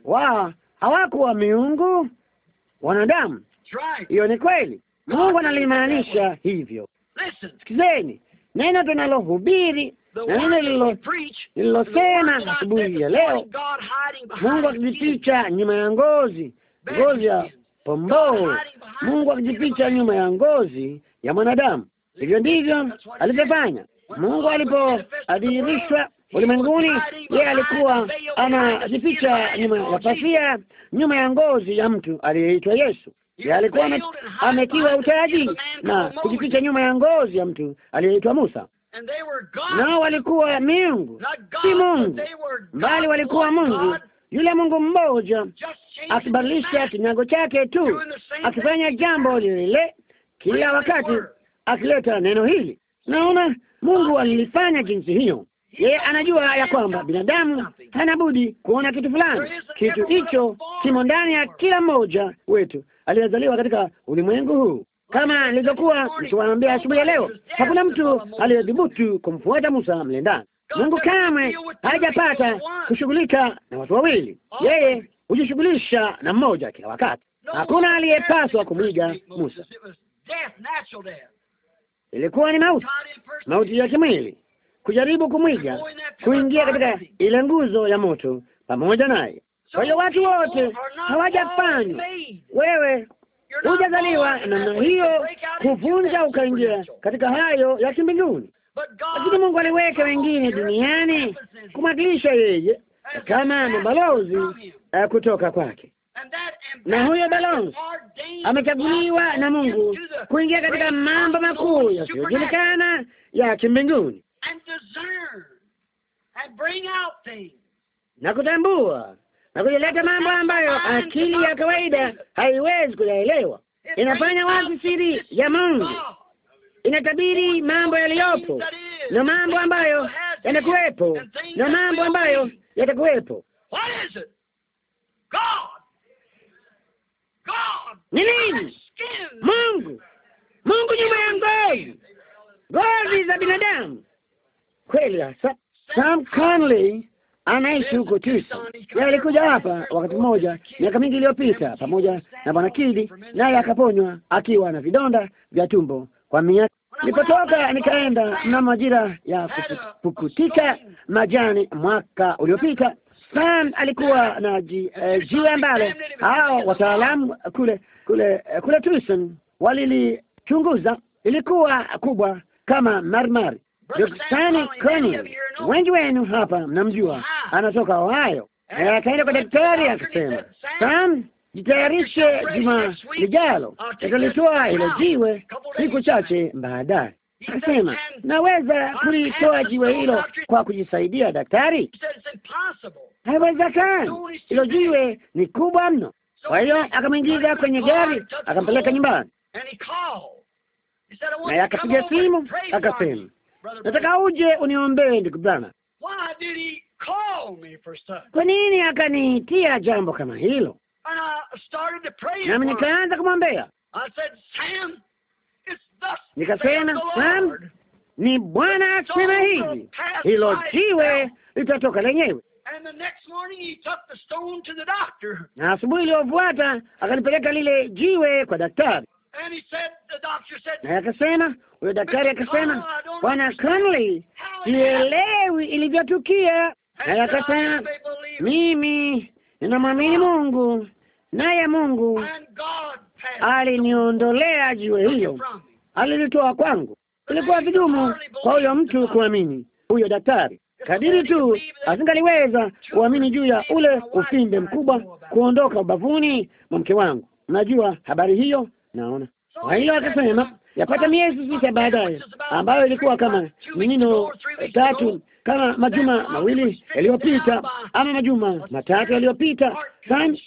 wao hawakuwa miungu wanadamu. Hiyo ni kweli, Mungu analimaanisha hivyo. Sikizeni neno tunalohubiri na neno lililosema asubuhi ya leo, Mungu akijificha nyuma ya ngozi ngozi ya pomboo, Mungu akijificha nyuma ya ngozi ya mwanadamu. Hivyo ndivyo alivyofanya Mungu alipodhihirishwa ulimwenguni. Yeye alikuwa anajificha nyuma ya pazia, nyuma ya ngozi ya mtu aliyeitwa Yesu. Yeye alikuwa ametiwa utaji na kujificha nyuma ya ngozi ya mtu aliyeitwa Musa. Nao walikuwa miungu, si Mungu, bali walikuwa Mungu yule Mungu mmoja akibadilisha kinyago chake tu, akifanya jambo lile kila wakati, akileta neno hili. Naona Mungu alifanya jinsi hiyo, yeye anajua ya kwamba binadamu hana budi kuona kitu fulani. Kitu hicho kimo ndani ya kila mmoja wetu aliyezaliwa katika ulimwengu huu. Kama nilivyokuwa nikiwaambia asubuhi ya leo, hakuna mtu aliyedhubutu kumfuata Musa mlendani. Mungu kamwe hajapata kushughulika na watu wawili, yeye hujishughulisha na mmoja kila wakati. Hakuna aliyepaswa kumwiga Musa. Ilikuwa ni mauti, mauti ya kimwili kujaribu kumwiga, kuingia katika ile nguzo ya moto pamoja naye. Kwa hiyo watu wote hawajafanywa. Wewe hujazaliwa namna hiyo, kuvunja ukaingia katika hayo ya kimbinguni, lakini Mungu aliweka wengine duniani kumwakilisha yeye kama mabalozi eh, kutoka kwake, na huyo balozi amechaguliwa na Mungu kuingia katika mambo makuu yasiyojulikana ya kimbinguni na kutambua na kulileta mambo ambayo akili ya kawaida haiwezi kuyaelewa. Inafanya wazi siri ya Mungu, inatabiri mambo yaliyopo na mambo ambayo yanakuwepo na mambo ambayo yatakuwepo. Ni nini? Mungu, Mungu nyuma ya ngozi, ngozi za binadamu kweli hasa. Sam Conley anaishi huko tisa. Yeye alikuja hapa wakati mmoja miaka mingi iliyopita pamoja na bwana Kidi, naye akaponywa akiwa na vidonda vya tumbo kwa miaka. Nilipotoka nikaenda na majira ya kupukutika majani mwaka uliopita, Sam alikuwa na eh, jiwe ambalo hao wataalamu kule kule kule Tucson walilichunguza, ilikuwa kubwa kama marmari Daktari Kani, wengi wenu hapa mnamjua, ah. anatoka Ohio. Eh, akaenda kwa daktari akasema, Sam, jitayarishe juma lijalo, nitalitoa oh, ile jiwe siku chache baadaye. Akasema, naweza kulitoa jiwe hilo kwa kujisaidia, daktari? Haiwezekani, ilo jiwe ni kubwa mno. Kwa hiyo akamwingiza kwenye gari akampeleka nyumbani, naye akapiga simu akasema nataka uje uniombee ndugu bwana. Kwa nini akanitia jambo kama hilo? Uh, Nami nikaanza kumwombea, nikasema Sam, ni Bwana asema hivi, hilo jiwe litatoka lenyewe. Na asubuhi iliyofuata akanipeleka lile jiwe kwa daktari naye akasema, huyo daktari akasema, Bwana Conley, sielewi ilivyotukia. Naye akasema, mimi ninamwamini Mungu, naye Mungu aliniondolea jiwe hiyo, alilitoa kwangu. Ilikuwa vigumu kwa huyo mtu kuamini, huyo daktari kadiri tu asingaliweza kuamini juu ya ule ufimbe mkubwa kuondoka ubavuni mwa mke wangu. najua habari hiyo, naona kwa hiyo akasema yapata miezi sita baadaye, ambayo ilikuwa kama minino tatu kama majuma mawili yaliyopita uh, ama majuma matatu yaliyopita, Sam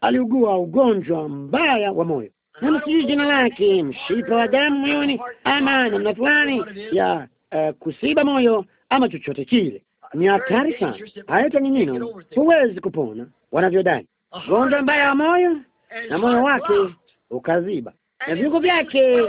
aliugua ugonjwa mbaya wa moyo, nama sijui jina lake, mshipa wa damu moyoni ama namna fulani ya uh, kusiba moyo ama chochote kile. Uh, ni hatari sana haya tanyingino, huwezi kupona wanavyodai, ugonjwa mbaya wa moyo na moyo wake ukaziba, na yaani viungo vyake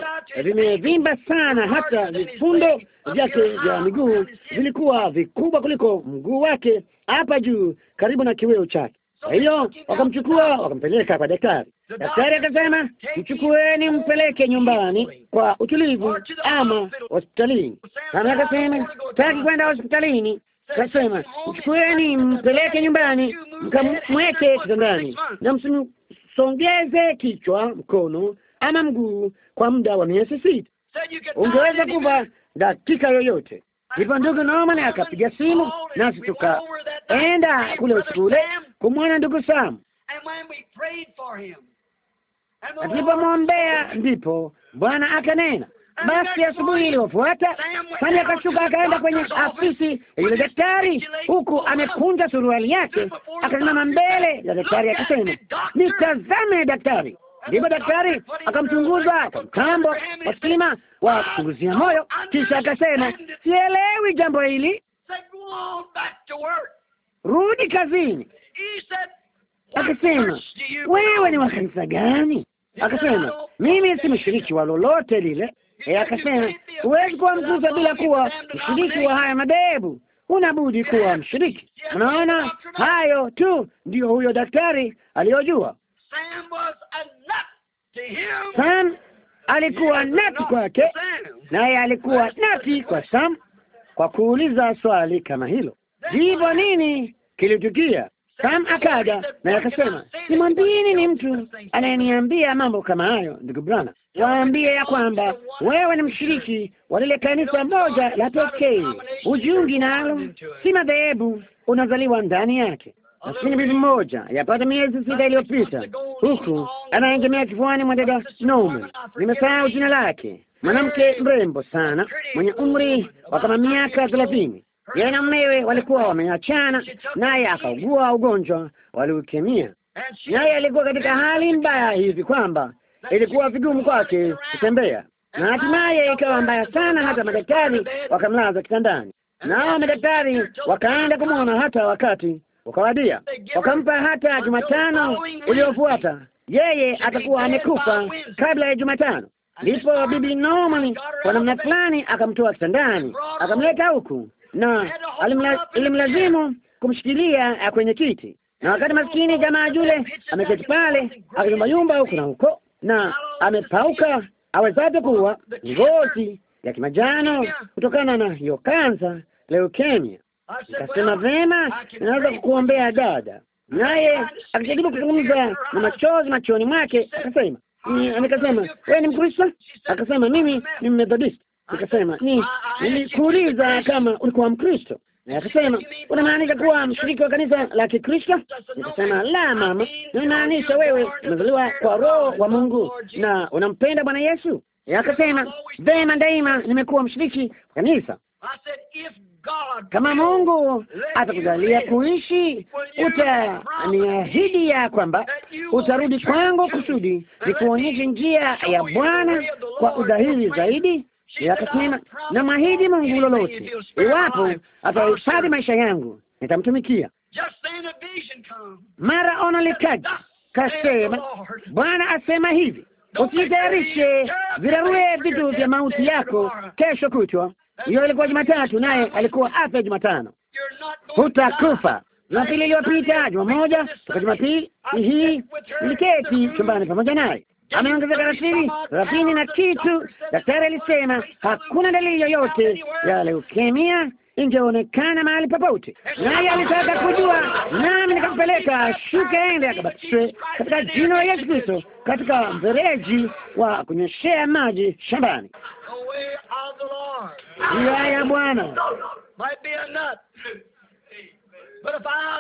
vimevimba sana, hata vifundo vyake vya miguu vilikuwa vikubwa kuliko mguu wake hapa juu, karibu na kiweo chake. Kwa hiyo wakamchukua wakampeleka kwa daktari. Daktari akasema, mchukueni mpeleke nyumbani kwa utulivu ama hospitalini. Kama akasema taki kwenda hospitalini, kasema mchukueni mpeleke nyumbani, mkamweke kitandani na msimu songeze kichwa, mkono ama mguu kwa muda wa miezi sita. Ungeweza kuva dakika yoyote. Ndipo ndugu Norman akapiga simu, nasi tukaenda kule usiku ule kumwona ndugu Sam, na tulipomwombea ndipo Bwana akanena basi asubuhi iliyofuata Sani akashuka akaenda kwenye afisi yule daktari, huku amekunja suruali yake, akasimama mbele ya daktari akasema, nitazame daktari. Ndipo daktari akamchunguza kwa mtambo wa stima wa kuchunguzia moyo, kisha akasema, sielewi jambo hili, rudi kazini. Akasema, wewe ni wa kanisa gani? Akasema, mimi si mshiriki wa lolote lile akasema, huwezi kuwa mkuza bila kuwa mshiriki wa haya madhehebu, unabudi budi kuwa mshiriki. Unaona, hayo tu ndio huyo daktari aliyojua. Sam alikuwa nati kwake, naye alikuwa nati kwa Sam kwa kuuliza swali kama hilo. Ndipo nini kilitukia? Sam akaja na akasema, nimwambieni ni mtu anayeniambia mambo kama hayo. Ndugu Brana, waambie ya kwamba wewe ni mshiriki wa lile kanisa moja la pekee, ujiungi nalo, si madhehebu, unazaliwa ndani yake. Lakini bibi mmoja yapata miezi sita iliyopita, huku anaegemea kifuani mwa dada Nome, nimesahau jina lake, mwanamke mrembo sana mwenye umri wa kama miaka thelathini yeye na mmewe walikuwa wameachana, naye akaugua ugonjwa wa leukemia, naye alikuwa katika hali mbaya hivi kwamba ilikuwa vigumu kwake kutembea, na hatimaye ikawa mbaya sana, hata madaktari wakamlaza kitandani. Nao madaktari wakaenda kumwona hata wakati wakawadia, wakampa hata Jumatano uliofuata, yeye atakuwa amekufa kabla ya Jumatano. Ndipo Bibi Norman kwa namna fulani akamtoa kitandani, akamleta huku na ilimlazimu kumshikilia eh, kwenye kiti, na wakati maskini jamaa yule ameketi pale akiyumbayumba huku na huko, na amepauka awezaje kuwa ngozi ya kimajano kutokana na hiyo kansa leukemia. Nikasema vema, naweza kukuombea dada. Naye akijaribu kuzungumza na machozi machoni mwake, akasema nikasema, wewe ni Mkristo? Akasema mimi ni Methodist. Nikasema ni nilikuuliza kama ulikuwa Mkristo, na akasema unamaanisha kuwa mshiriki wa kanisa la Kikristo? Nikasema la, mama, nimaanisha wewe umezaliwa kwa Roho wa Mungu na unampenda Bwana Yesu. Akasema vema, daima nimekuwa mshiriki wa kanisa. Kama Mungu atakujalia kuishi, utaniahidi ya kwamba utarudi kwangu kusudi nikuonyeshe njia ya Bwana kwa udhahiri zaidi, akasema, na mwahidi Mungu lolote, iwapo atahifadhi maisha yangu nitamtumikia. Mara ona likaja kasema, Bwana asema hivi, usitayarishe virarue vitu vya mauti yako kesho kutwa. Hiyo ilikuwa Jumatatu, naye alikuwa afya Jumatano. Hutakufa. Jumapili iliyopita, juma moja toka Jumapili hii niliketi chumbani pamoja naye ameongeza thelathini thelathini na kitu. Daktari alisema hakuna dalili yoyote ya leukemia ingeonekana mahali popote, naye alitaka kujua, nami nikampeleka shuke ende akabatishwe katika jina la Yesu Kristo katika mfereji wa kunyeshea maji shambani. Njia ya Bwana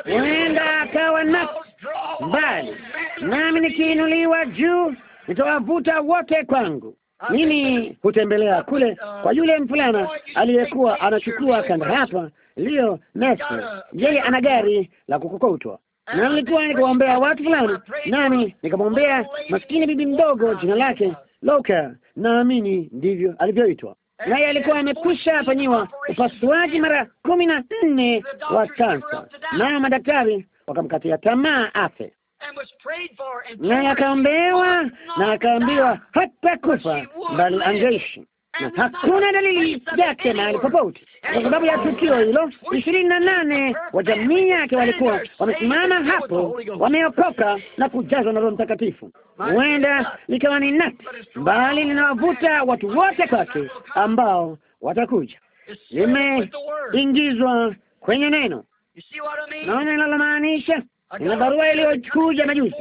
huenda akawa nafsi mbali, nami nikiinuliwa juu nitawavuta wote kwangu. Mimi hutembelea kule kwa yule mfulana aliyekuwa anachukua kanda hapa iliyo Mexico. Yeye ana gari la kukokotwa, na nilikuwa nikawaombea watu fulani, nami nikamwombea maskini bibi mdogo, jina lake Loka, naamini ndivyo alivyoitwa naye alikuwa amekwisha fanyiwa upasuaji mara kumi na nne wa kansa, nao madaktari wakamkatia tamaa afe naye akaombewa na akaambiwa hata kufa bali angeishi, na hakuna dalili yake mahali popote. Kwa sababu ya tukio hilo, ishirini na nane wa jamii yake walikuwa wamesimama hapo, wameokoka na kujazwa na Roho Mtakatifu. Huenda likawa ni nati, bali linawavuta watu wote kwake ambao watakuja. Limeingizwa kwenye neno. Naona linalomaanisha Ina barua iliyokuja majuzi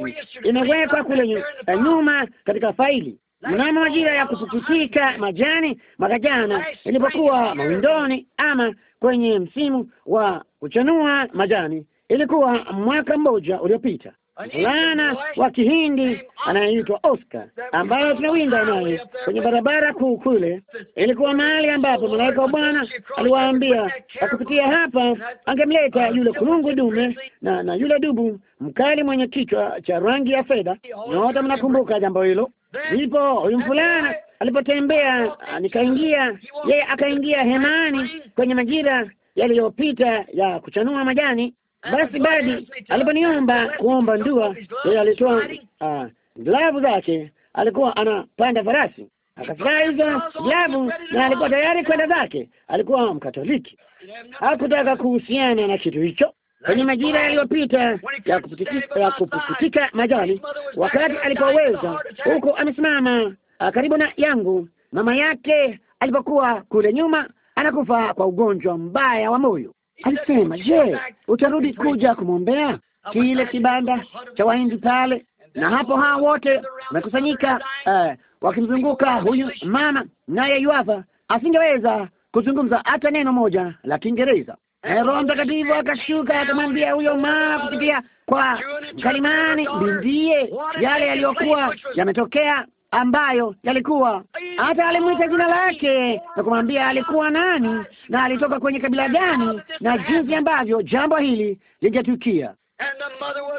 imewekwa kule eh, nyuma katika faili. Mnamo majira ya kupukutika majani mwaka jana, ilipokuwa mawindoni ama kwenye msimu wa kuchanua majani, ilikuwa mwaka mmoja uliopita mvulana wa Kihindi anayeitwa Oscar ambaye tunawinda naye kwenye barabara kuu kule. Ilikuwa mahali ambapo malaika wa Bwana aliwaambia akupitia hapa angemleta yule kulungu dume na, na yule dubu mkali mwenye kichwa cha rangi ya fedha. Nyote mnakumbuka jambo hilo. Ndipo huyu mvulana alipotembea, nikaingia yeye akaingia hemani kwenye majira yaliyopita ya kuchanua majani basi Badi aliponiomba kuomba ndua, yeye alitoa ah, glavu zake, alikuwa anapanda farasi akafika hizo glavu, na alikuwa tayari kwenda zake. Alikuwa Mkatoliki, hakutaka kuhusiana na kitu hicho. Kwenye majira yaliyopita ya kupukutika majani, wakati alipoweza huko, amesimama ah, karibu na yangu, mama yake alipokuwa kule nyuma anakufa kwa ugonjwa mbaya wa moyo alisema, je, utarudi kuja kumwombea kile kibanda cha Wahindi pale? Na hapo hawa wote wamekusanyika uh, wakimzunguka huyu mama, naye yuafa asingeweza kuzungumza hata neno moja la Kiingereza. Eh, Roho Mtakatifu akashuka akamwambia huyo mama kupitia kwa mkalimani bindie yale yaliyokuwa yametokea ambayo yalikuwa hata alimwita jina lake na kumwambia alikuwa nani na alitoka kwenye kabila gani na jinsi ambavyo jambo hili lingetukia.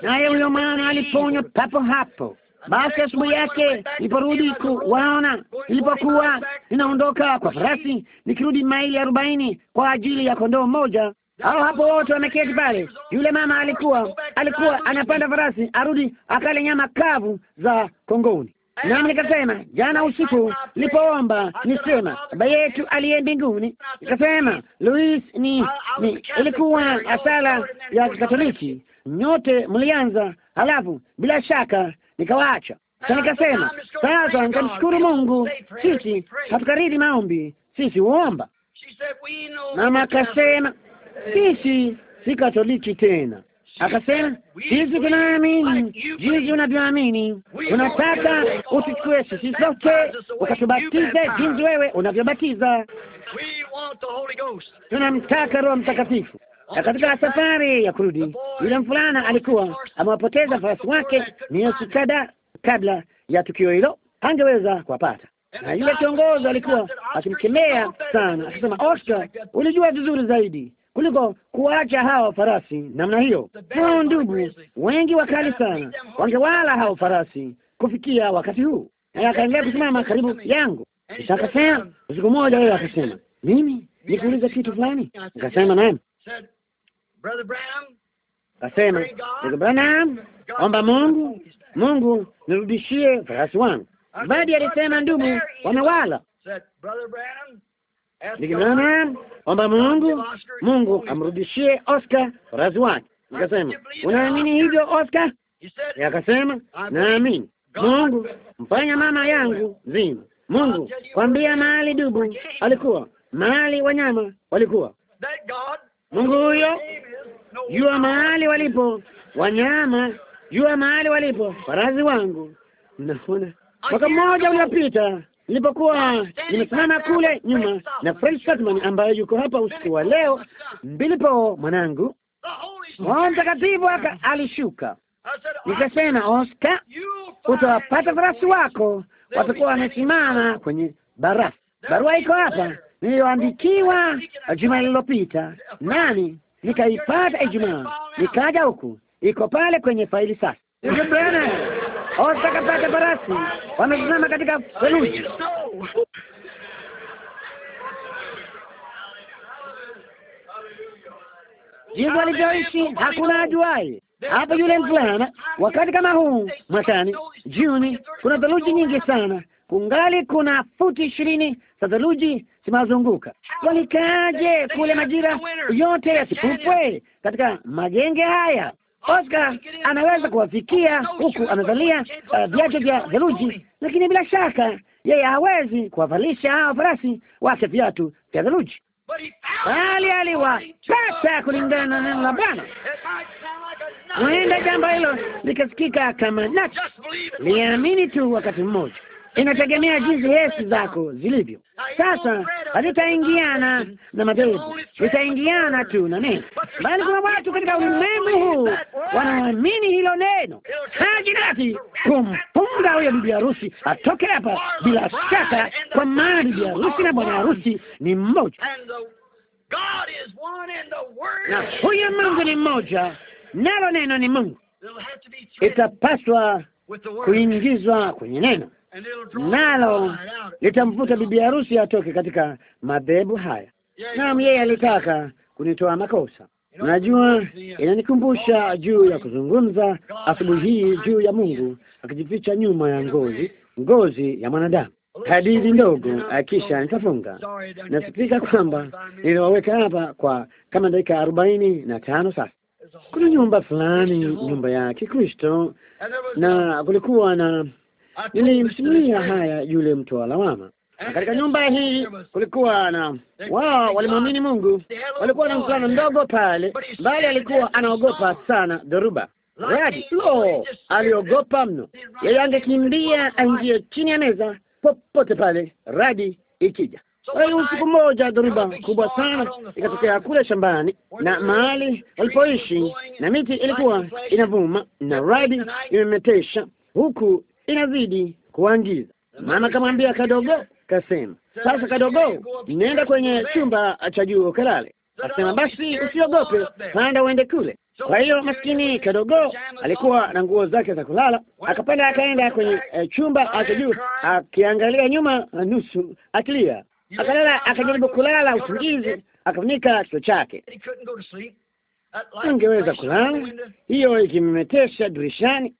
Naye huyo mwana aliponywa papo hapo. Basi asubuhi yake niliporudi kuwaona, nilipokuwa ninaondoka kwa farasi nikirudi maili arobaini kwa ajili ya kondoo mmoja, hao hapo wote wameketi pale. Yule mama alikuwa alikuwa anapanda farasi arudi akale nyama kavu za kongoni nami nikasema jana usiku nilipoomba, nisema Baba yetu aliye mbinguni, nikasema Louis, ni, ni ilikuwa asala ya Kikatoliki, nyote mlianza, halafu bila shaka nikawaacha. Sasa nikasema sasa nitamshukuru Mungu, sisi hatukaridi maombi, sisi huomba. Mama akasema sisi si Katoliki tena. Akasema sisi tunaamini jinsi unavyoamini, unataka utuchukue sisi sote ukatubatize jinsi wewe unavyobatiza. Tunamtaka Roho Mtakatifu. Na katika safari ya kurudi, yule mfulana alikuwa amewapoteza farasi wake miezi kadhaa kabla ya tukio hilo, angeweza kuwapata na yule kiongozi alikuwa akimkemea sana, akisema, Oscar, ulijua vizuri zaidi kuliko kuwacha hao farasi namna hiyo. Hao ndugu wengi wakali sana wangewala hao farasi kufikia wakati huu. Naye akaendelea kusimama karibu yangu, kisha akasema, um, usiku mmoja yeye akasema, mimi nikuuliza kitu fulani. Akasema naam. Akasema, ndugu Branham, omba Mungu, Mungu nirudishie farasi wangu. Badi alisema ndugu wamewala. Ndugu Branham omba Mungu, Mungu amrudishie Oscar urazi wake. Nikasema, unaamini hivyo Oscar? Akasema, naamini. Mungu mfanya mama yangu zima. Mungu kwambia mahali dubu alikuwa, mahali wanyama walikuwa. Mungu huyo jua mahali walipo wanyama, jua mahali walipo farazi wangu. Mnaona, mwaka mmoja uliopita nilipokuwa nimesimama kule nyuma na Fred Stadman ambaye yuko hapa usiku wa leo, bilipo mwanangu Roho Mtakatifu alishuka, nikasema, Oscar, utawapata farasi wako, watakuwa wamesimama kwenye barafu. Barua iko hapa niliyoandikiwa juma lililopita, nani nikaipata Ijumaa, nikaja huku, iko pale kwenye faili sasa pate farasi, wanazama katika theluji. Jinsi alivyoishi hakuna ajuai. Hapo yule mvulana, wakati kama huu mwakani Juni, kuna theluji nyingi sana, kungali kuna futi ishirini za theluji zinazunguka. Walikaaje kule majira yote yasipupwe katika magenge haya? Oscar anaweza kuwafikia huku amevalia uh, viatu vya theluji, lakini bila shaka yeye hawezi kuwavalisha hao farasi wake viatu vya theluji, bali aliwapata kulingana na neno la Bwana. Huenda jambo hilo likasikika kama nacho, liamini tu wakati mmoja inategemea jinsi hesi zako zilivyo. Sasa hazitaingiana na madhehebu, zitaingiana tu na neno, bali kuna watu katika ulimwengu huu wanaamini hilo neno. Hajinati kumpunga huyo bibi harusi atoke hapa bila shaka, kwa maana bibi harusi na bwana harusi ni mmoja, na huyo Mungu ni mmoja, nalo neno ni Mungu. Itapaswa kuingizwa kwenye neno nalo litamvuta bibi harusi atoke katika madhehebu haya. Naam, yeye alitaka kunitoa makosa. Unajua, inanikumbusha juu ya kuzungumza asubuhi hii juu ya Mungu akijificha nyuma ya ngozi ngozi ya mwanadamu. Oh, Hadithi ndogo, akisha nitafunga. Nasikika kwamba niliwaweka hapa kwa kama dakika arobaini na tano sasa. Kuna nyumba fulani, nyumba ya Kikristo, na kulikuwa na nilimsimia haya yule mtoa lawama. Katika nyumba hii kulikuwa na wao, walimwamini Mungu. Walikuwa na mvulana mdogo pale, bali alikuwa anaogopa sana dhoruba radi. Yaani, lo, aliogopa mno. Yeye angekimbia aingie chini ya meza popote pale radi ikija. Kwa hiyo usiku mmoja dhoruba kubwa sana ikatokea kule shambani na mahali walipoishi, na miti ilikuwa inavuma na radi imemetesha huku inazidi kuangiza. Mama kamwambia kadogo, kasema sasa, kadogo, nenda kwenye chumba cha juu kalale. Akasema basi, usiogope, panda uende kule. Kwa hiyo maskini kadogo alikuwa na nguo zake za kulala, akapanda akaenda kwenye e, chumba cha juu, akiangalia nyuma eh, nusu akilia, akalala, akajaribu kulala usingizi, akafunika kichwa chake, angeweza kulala, hiyo ikimmetesha dirishani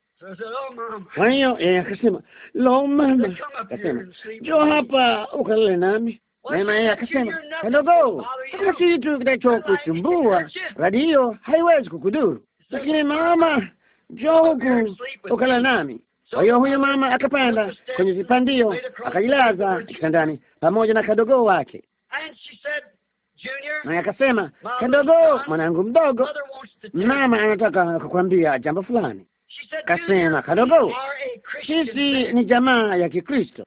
kwa hiyo yeye akasema, lo mama, akasema njoo hapa ukalale nami. Naema akasema, kadogo, hakuna kitu kinachokusumbua, radio haiwezi kukudhuru, lakini mama, njoo huku ukalale nami. Kwa hiyo huyo mama akapanda kwenye vipandio akajilaza kitandani pamoja na kadogo wake, naye akasema, kadogo, mwanangu mdogo, mama anataka kukwambia jambo fulani kasema kadogo, sisi ni jamaa ya Kikristo,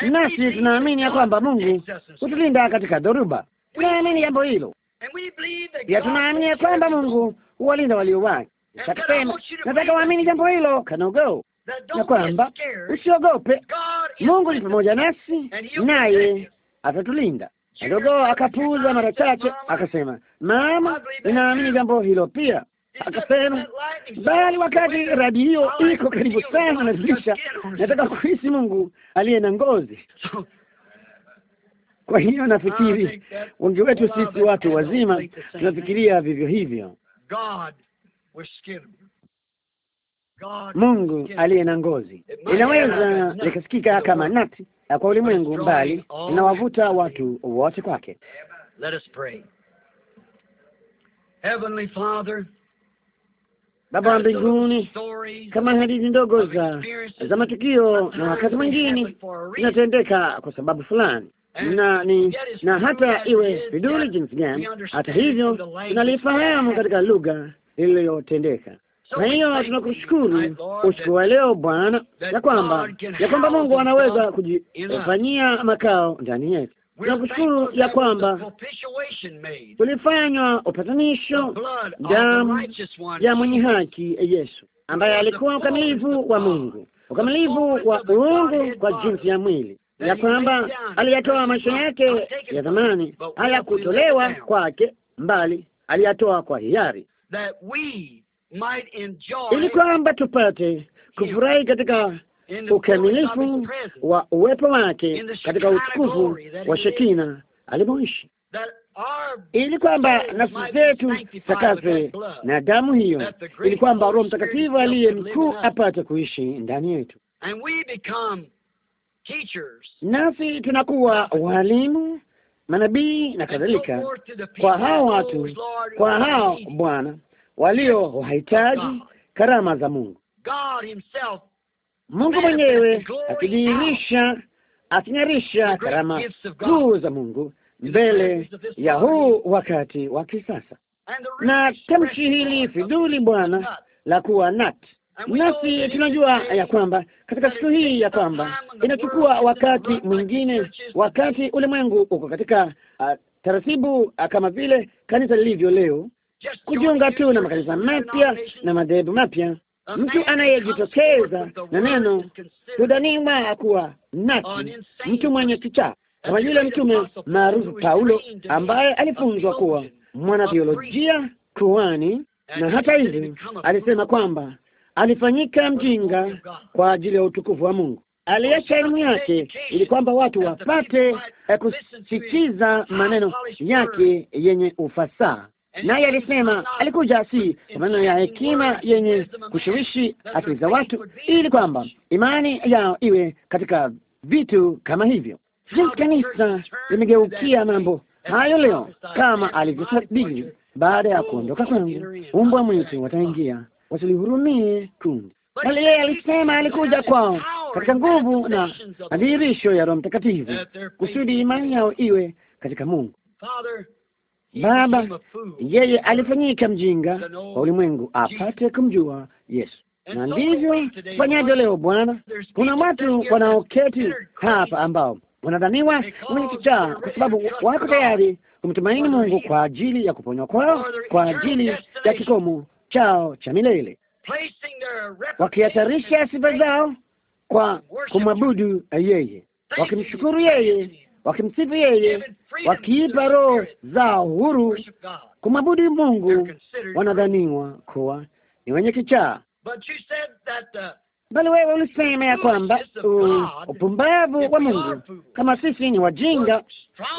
nasi tunaamini ya kwamba Mungu hutulinda katika dhoruba. Tunaamini jambo hilo pia, tunaamini ya kwamba Mungu huwalinda walio wake. Akasema, nataka waamini jambo hilo kadogo, na kwamba usiogope, Mungu ni pamoja nasi, naye atatulinda kidogo akapuuza mara chache, akasema, mama, ninaamini jambo hilo pia. Akasema, bali wakati radio iko karibu sana na dirisha, nataka kuhisi Mungu aliye na ngozi. Kwa hiyo nafikiri wengi wetu sisi watu wazima tunafikiria vivyo hivyo. Mungu aliye na ngozi inaweza likasikika kama nati kwa ulimwengu, bali inawavuta watu wote kwake. Baba wa mbinguni, kama hadithi ndogo za za matukio na wakati mwingine zinatendeka kwa sababu fulani na ni na hata iwe viduri jinsi gani, hata hivyo tunalifahamu katika lugha lililotendeka. Kwa hiyo tunakushukuru usiku wa leo Bwana, ya kwamba ya kwamba Mungu anaweza kujifanyia makao ndani yetu. Tunakushukuru ya kwamba ulifanywa upatanisho, damu ya mwenye haki eh, Yesu, ambaye alikuwa ukamilifu wa Mungu, ukamilifu wa uungu kwa jinsi ya mwili ya kwamba aliyatoa maisha yake ya zamani, hayakutolewa kwake mbali, aliyatoa kwa hiari ili kwamba tupate kufurahi katika ukamilifu wa uwepo wake katika utukufu wa Shekina alimoishi, ili kwamba nafsi zetu takaswe na damu hiyo, ili kwamba Roho Mtakatifu aliye mkuu apate kuishi ndani yetu, nasi tunakuwa walimu, manabii na kadhalika, kwa hao watu, kwa hao Bwana walio wahitaji karama za Mungu. Mungu mwenyewe akidhihirisha, aking'arisha karama kuu za Mungu mbele ya huu wakati wa kisasa. Na tamshi hili fidhuli Bwana la kuwa nat nasi tunajua ya kwamba katika siku hii ya kwamba inachukua wakati mwingine, wakati ulimwengu uko katika uh, taratibu uh, kama vile kanisa lilivyo leo kujiunga tu na makanisa mapya na madhehebu mapya. Mtu anayejitokeza na neno kudhaniwa kuwa nati, mtu mwenye kichaa kama yule mtume maarufu Paulo ambaye alifunzwa kuwa mwanatheolojia kuhani, na hata hivi alisema kwamba alifanyika mjinga kwa ajili ya utukufu wa Mungu. Aliacha elimu yake ili kwamba watu wapate kusikiza maneno yake yenye ufasaha naye alisema alikuja si kwa maneno ya hekima yenye kushawishi akili za watu, ili kwamba imani yao iwe katika vitu kama hivyo. Jinsi kanisa limegeukia mambo hayo leo, kama alivyosabili baada ya kuondoka kwangu, umbwa mwitu wataingia wasilihurumie kundi, bali yeye alisema alikuja kwao katika nguvu na madhihirisho ya Roho Mtakatifu kusudi imani yao iwe katika Mungu. Baba yeye alifanyika mjinga kwa ulimwengu apate kumjua Yesu, na ndivyo fanyavyo leo Bwana. Kuna watu wanaoketi hapa ambao wanadhaniwa wenye kichaa kwa sababu wako tayari kumtumaini Mungu kwa ajili ya kuponywa kwao, kwa ajili ya kikomo chao cha milele, wakihatarisha sifa zao kwa kumwabudu yeye, wakimshukuru yeye, wakimsifu yeye wakiipa roho zao huru kumwabudu Mungu, wanadhaniwa kuwa ni wenye kichaa. Bali wewe ulisema ya kwamba upumbavu wa Mungu, kama sisi ni wajinga,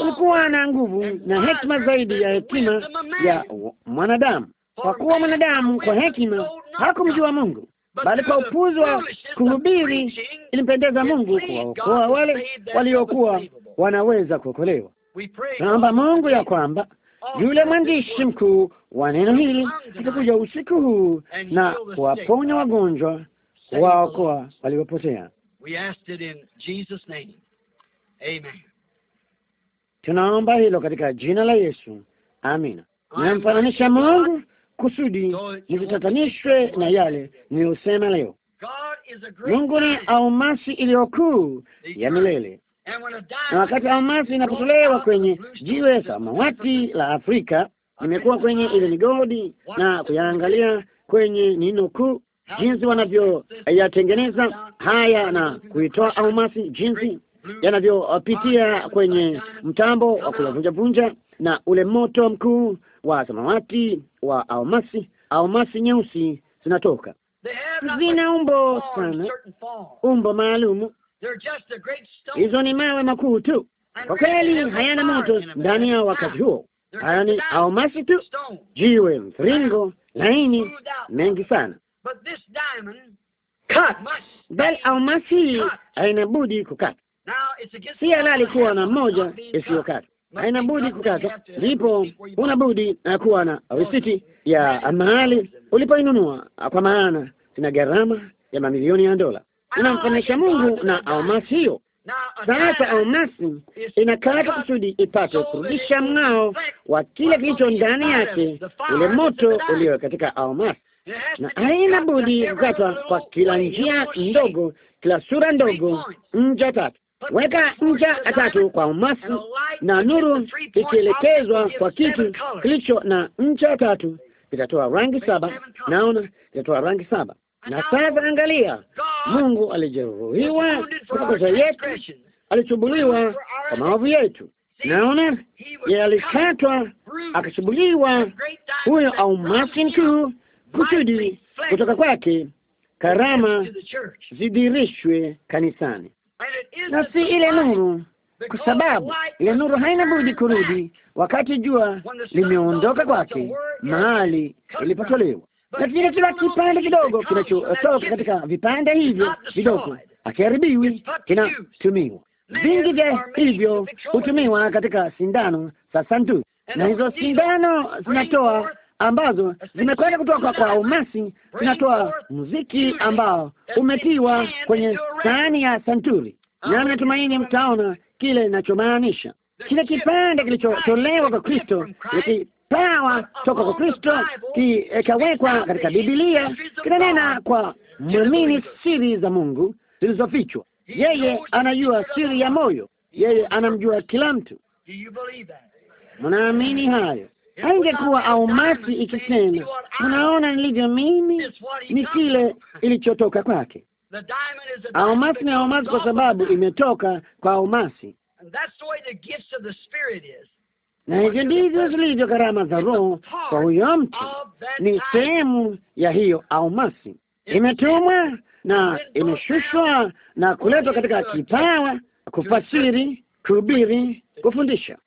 ulikuwa na nguvu na hekima zaidi ya hekima ya mwanadamu, kwa kuwa mwanadamu kwa hekima hakumjua Mungu, bali kwa upuzi wa kuhubiri ilimpendeza Mungu kuwaokoa wale waliokuwa wanaweza kuokolewa naomba Mungu ya kwamba oh, yule mwandishi mkuu wa neno hili atakuja usiku huu na kuwaponya wagonjwa, kuwaokoa waliopotea. Tunaomba hilo katika jina la Yesu, amina. Ninamfananisha Mungu kusudi nizitatanishwe na yale niliyosema leo. Mungu ni almasi iliyokuu ya milele na wakati almasi inapotolewa kwenye jiwe samawati la Afrika, nimekuwa kwenye ile migodi na kuyaangalia kwenye nino kuu, jinsi wanavyoyatengeneza haya na kuitoa almasi, jinsi yanavyopitia kwenye mtambo wa kuyavunjavunja na ule moto mkuu wa samawati wa almasi. Almasi nyeusi zinatoka, zina umbo sana, umbo maalumu Hizo ni mawe makuu tu kwa kweli, hayana moto ndani yao wakati huo. Haya ni tu, jiwe mviringo laini, mengi sana bali almasi hii haina budi kukata. Si halali kuwa na moja isiyokata, haina budi kukata. Ndipo una budi uh, kuwa na risiti ya mahali ulipoinunua, kwa maana ina gharama ya mamilioni ya dola inamfanisha Mungu na almasi hiyo. Sasa almasi inakata kusudi ipate kurudisha mng'ao wa kile kilicho ndani yake, ule moto ulio katika almasi, na haina budi kukatwa kwa kila njia ndogo, kila sura ndogo, nja tatu. Weka nja tatu kwa almasi na nuru ikielekezwa kwa kitu kilicho na nja tatu itatoa rangi saba. Naona itatoa rangi saba na sasa angalia, Mungu alijeruhiwa kwa makosa yetu, alichubuliwa kwa maovu yetu. Naona yeye alikatwa, akachubuliwa, huyo au maskini mkuu, kusudi kutoka kwake karama zidirishwe kanisani, na si ile nuru, kwa sababu ile nuru haina budi kurudi wakati jua limeondoka kwake mahali ilipotolewa katika kila kipande kidogo kinachotoka eh, katika vipande hivyo vidogo akiharibiwi kinatumiwa. Vingi vya hivyo hutumiwa katika sindano za santu, na hizo sindano zinatoa ambazo zimekwenda kutoka kwa umasi zinatoa muziki ambao umetiwa kwenye sahani ya santuri. Nami natumaini mtaona kile ninachomaanisha. Kile kipande kilichotolewa kwa Kristo ni kikawa toka kwa Kristo, kikawekwa eh, katika Biblia, kinanena kwa mwamini siri za Mungu zilizofichwa. Yeye anajua siri ya moyo, yeye anamjua kila mtu. Mnaamini hayo? Haingekuwa mati ikisema, mnaona nilivyo mimi, ni kile ilichotoka kwake. Aumasi ni aumasi kwa sababu imetoka kwa aumasi na hivyo ndivyo zilivyo karama za Roho kwa huyo mtu, ni sehemu ya hiyo almasi imetumwa na imeshushwa na kuletwa katika kipawa, kufasiri, kuhubiri, kufundisha.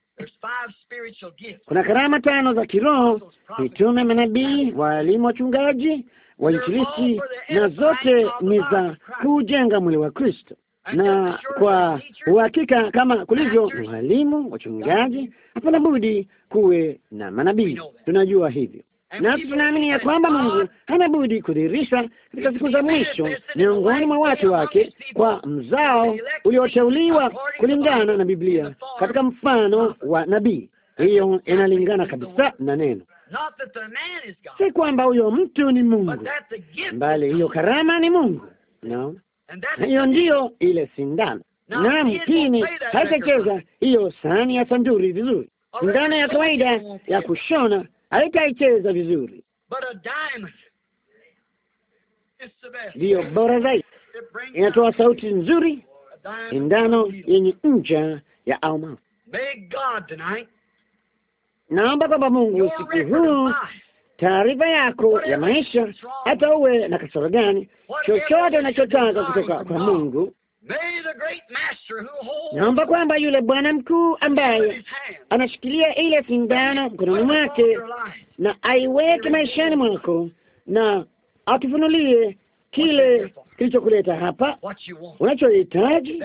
Kuna karama tano za kiroho: mitume, manabii, waalimu, wachungaji, wainjilisti, na zote ni za kuujenga mwili wa Kristo na kwa uhakika kama kulivyo walimu, wachungaji, hapana budi kuwe na manabii. Tunajua hivyo, nasi tunaamini ya kwamba Mungu hana budi kudhihirisha katika siku za mwisho miongoni mwa watu wake kwa mzao ulioteuliwa kulingana na Biblia katika mfano wa nabii. Hiyo inalingana kabisa na neno si kwamba huyo mtu ni Mungu, bali hiyo karama ni Mungu. Naona hiyo ndiyo ile sindano. Naam, mtini haitacheza hiyo sahani ya sanduri vizuri. Sindano ya kawaida ya kushona haitaicheza vizuri, ndiyo bora zaidi. Inatoa sauti nzuri, sindano yenye ncha ya almasi. Naomba kwamba Mungu usiku huu taarifa yako ya maisha, hata uwe na kasoro gani, chochote unachotaka kutoka kwa Mungu. Naomba kwamba yule Bwana mkuu ambaye anashikilia ile sindano mkononi mwake na aiweke maishani mwako na atufunulie kile kilichokuleta hapa, unachohitaji,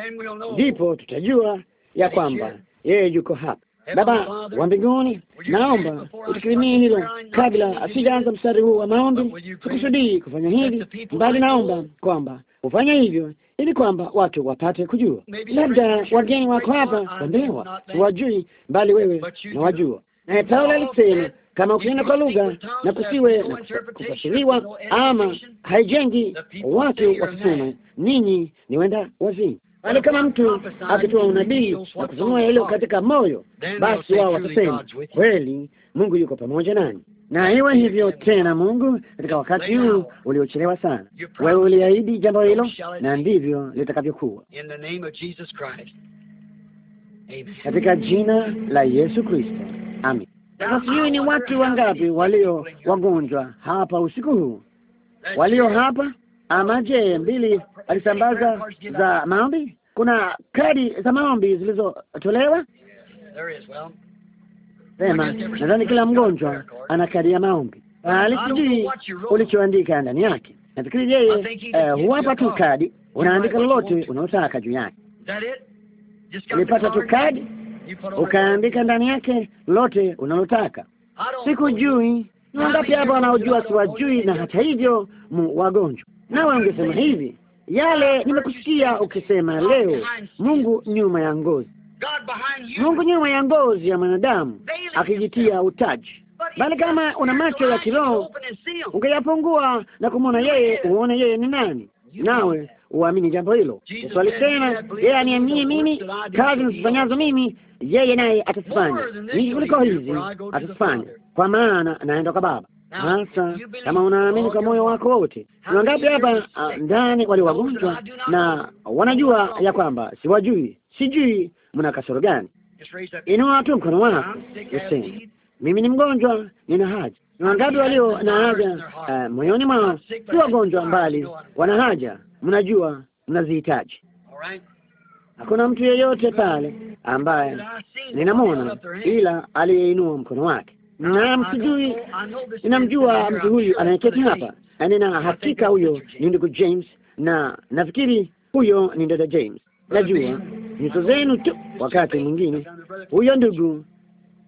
ndipo tutajua ya kwamba yeye yuko hapa. Baba wa mbinguni, naomba utukirimie hilo kabla asijaanza mstari huu wa maombi. Sikusudii kufanya hivi, mbali naomba kwamba hufanya hivyo ili kwamba watu wapate kujua. Labda wageni wako hapa wambewa, wajui mbali wewe na wajua. Naye Paulo alisema kama ukinena kwa lugha na kusiwe na kufasiriwa, ama haijengi watu wakisema ninyi ni wenda wazimu bali yaani kama mtu akitoa unabii na kufunua hilo katika moyo, basi wao watasema kweli, Mungu yuko pamoja nani. Na iwe hivyo tena, Mungu katika wakati huu uliochelewa sana, wewe uliahidi jambo hilo, na ndivyo litakavyokuwa katika jina la Yesu Kristo, amin. Na sijui ni watu wangapi walio wagonjwa hapa usiku huu, walio hapa ama ah, je, mbili alisambaza za maombi? Kuna kadi za maombi zilizotolewa sema. Nadhani kila mgonjwa ana kadi ya maombi, bali ah, sijui ulichoandika ndani yake. Nafikiri yeye eh, huwapa tu kadi, unaandika lolote unaotaka juu yake. Ulipata tu kadi ukaandika ndani yake lolote unalotaka. Sikujui ni wangapi hapa wanaojua, siwajui, na hata hivyo wagonjwa nawe ungesema hivi, yale nimekusikia ukisema leo, Mungu nyuma ya ngozi, Mungu nyuma ya ngozi ya mwanadamu akijitia utaji. Bali kama una macho ya kiroho ungeyapungua na kumwona yeye, uone yeye ni nani, nawe uamini jambo hilo. Yesu alisema, yeye aniaminie mimi, kazi nizifanyazo mimi, yeye naye atazifanya, nyingi kuliko hizi atazifanya, kwa maana naenda kwa Baba hasa kama unaamini kwa moyo wako wote. Ni wangapi hapa ah, ndani walio wagonjwa na wanajua ya kwamba siwajui, sijui mna kasoro gani? Inua tu mkono wako useme, mimi ni mgonjwa, nina haja. Ni wangapi walio na haja uh, moyoni mwao? Si wagonjwa mbali, wana haja, mnajua mnazihitaji. Hakuna mtu yeyote pale ambaye ninamwona ila aliyeinua mkono wake naam, sijui ninamjua mtu huyu anayeketi hapa, nina yaani hakika huyo ni ndugu James, na nafikiri huyo ni dada James. Najua nyuso zenu tu. Wakati mwingine huyo ndugu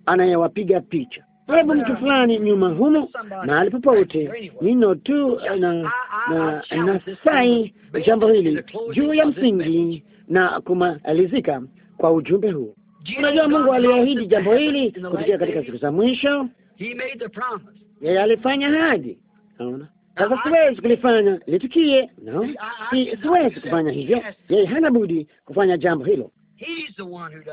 anayewapiga picha Hebu mtu fulani nyuma humo, mahali popote, nino tu na na nasai jambo hili juu ya msingi na kumalizika kwa ujumbe huu. Unajua, Mungu aliahidi jambo hili kupitia katika siku za mwisho. Yeye alifanya ahadi. naona sasa siwezi kulifanya litukie, no, si, siwezi kufanya hivyo. Yeye hana budi kufanya jambo hilo.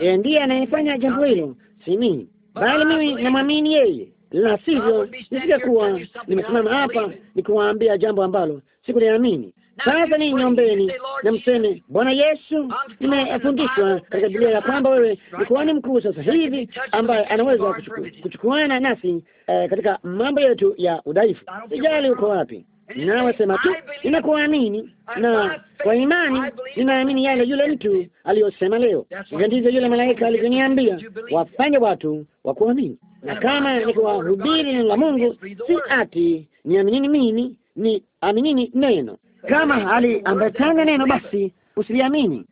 Yeye ndiye anayefanya jambo hilo, si mimi, bali mimi namwamini yeye, la sivyo nisingekuwa nimesimama hapa nikuwaambia jambo ambalo sikuliamini. Sasa eh, e ni nyombeni na mseme, Bwana Yesu, nimefundishwa katika Biblia ya kwamba wewe ni kuhani mkuu sasa hivi ambaye anaweza kuchukuana nasi katika mambo yetu ya udhaifu. Sijali uko wapi, nawasema tu ninakuamini na kwa imani ninaamini yale yule mtu aliyosema leo. Ndivyo yule malaika alivyoniambia wafanye watu wa kuamini, na kama nikiwahubiri neno la Mungu, si ati niaminini mimi, ni aminini neno kama haliambatana neno, basi usiliamini,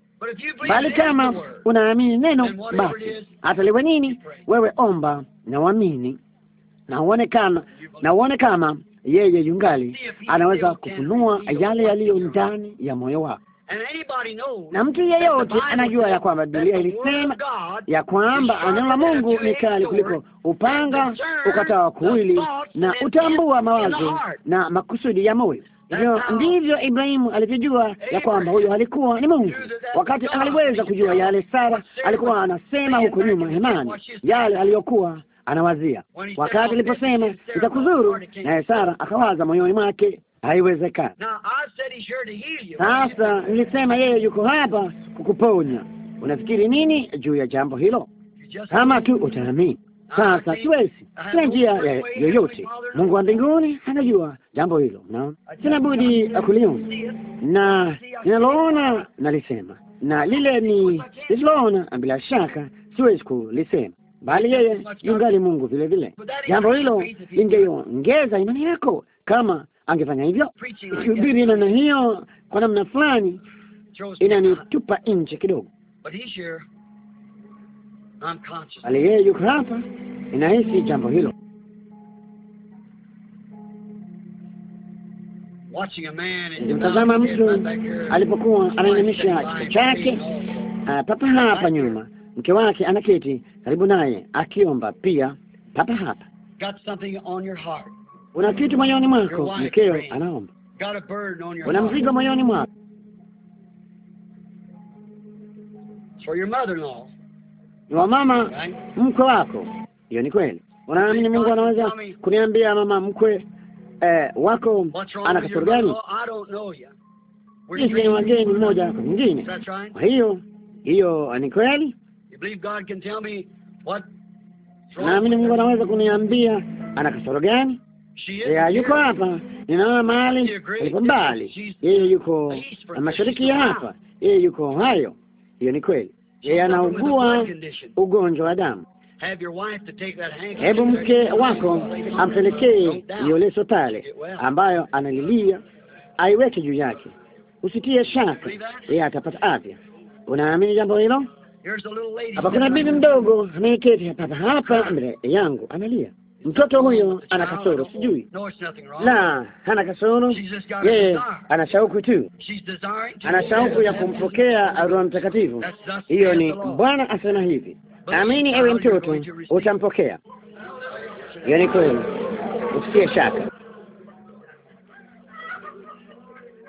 bali kama unaamini neno, basi hata liwe nini, wewe omba na uamini, na uone kama na uone kama yeye yungali anaweza kufunua yale yaliyo ndani ya moyo wako. Na mtu yeyote anajua ya kwamba Biblia ilisema ya kwamba neno la Mungu ni kali kuliko upanga ukatao kuwili, na utambua mawazo na makusudi ya moyo. Ndio ndivyo Ibrahimu alivyojua ya kwamba huyo alikuwa ni Mungu, wakati aliweza kujua yale Sara alikuwa anasema huko nyuma hemani, yale aliyokuwa anawazia wakati oh, aliposema nitakuzuru, naye Sara akawaza moyoni mwake haiwezekani. Sasa nilisema yeye yuko hapa kukuponya. Unafikiri nini juu ya jambo hilo? Kama tu utaamini sasa ah, siwezi, ah, sina njia yoyote. Mungu wa mbinguni anajua jambo hilo, na sina budi kuliona na ninaloona nalisema, na lile ni lisiloona, bila shaka siwezi kulisema, bali yeye yungali Mungu vile vile. Jambo hilo lingeongeza imani yako kama angefanya hivyo. Kuhubiri namna hiyo, kwa namna fulani, inanitupa nje kidogo bali yeye yuko hapa. inahisi jambo hilo, nikimtazama mtu alipokuwa anainamisha kichwa chake ah, papa hapa nyuma, mke wake anaketi karibu naye akiomba pia papa hapa. Una kitu moyoni mwako, mkeo anaomba. Una mzigo moyoni mwako ni wamama mkwe wako. Hiyo ni kweli. Unaamini Mungu anaweza kuniambia mama mkwe eh, wako ana kasoro gani? Sisi ni wageni mmoja kwa mwingine. Kwa hiyo hiyo ni kweli. Naamini Mungu anaweza kuniambia ana kasoro gani. Yeye eh, yuko hapa, ninaona mahali alipo mbali, yeye yuko mashariki ya hapa, yeye yuko hayo. Hiyo ni kweli. Je, anaugua ugonjwa wa damu? Hebu mke wako ampelekee hiyo leso pale ambayo analilia, aiweke juu yake. Usitie shaka, yeye atapata afya. Unaamini jambo hilo? Hapa kuna bibi mdogo ameketi hapa hapa mbele yangu, analia mtoto huyo ana kasoro, sijui la, ana kasoro. Yeye ana shauku tu, ana shauku ya kumpokea Roho Mtakatifu. Hiyo ni Bwana asema hivi, amini ewe mtoto, utampokea. Hiyo ni kweli, usikie shaka.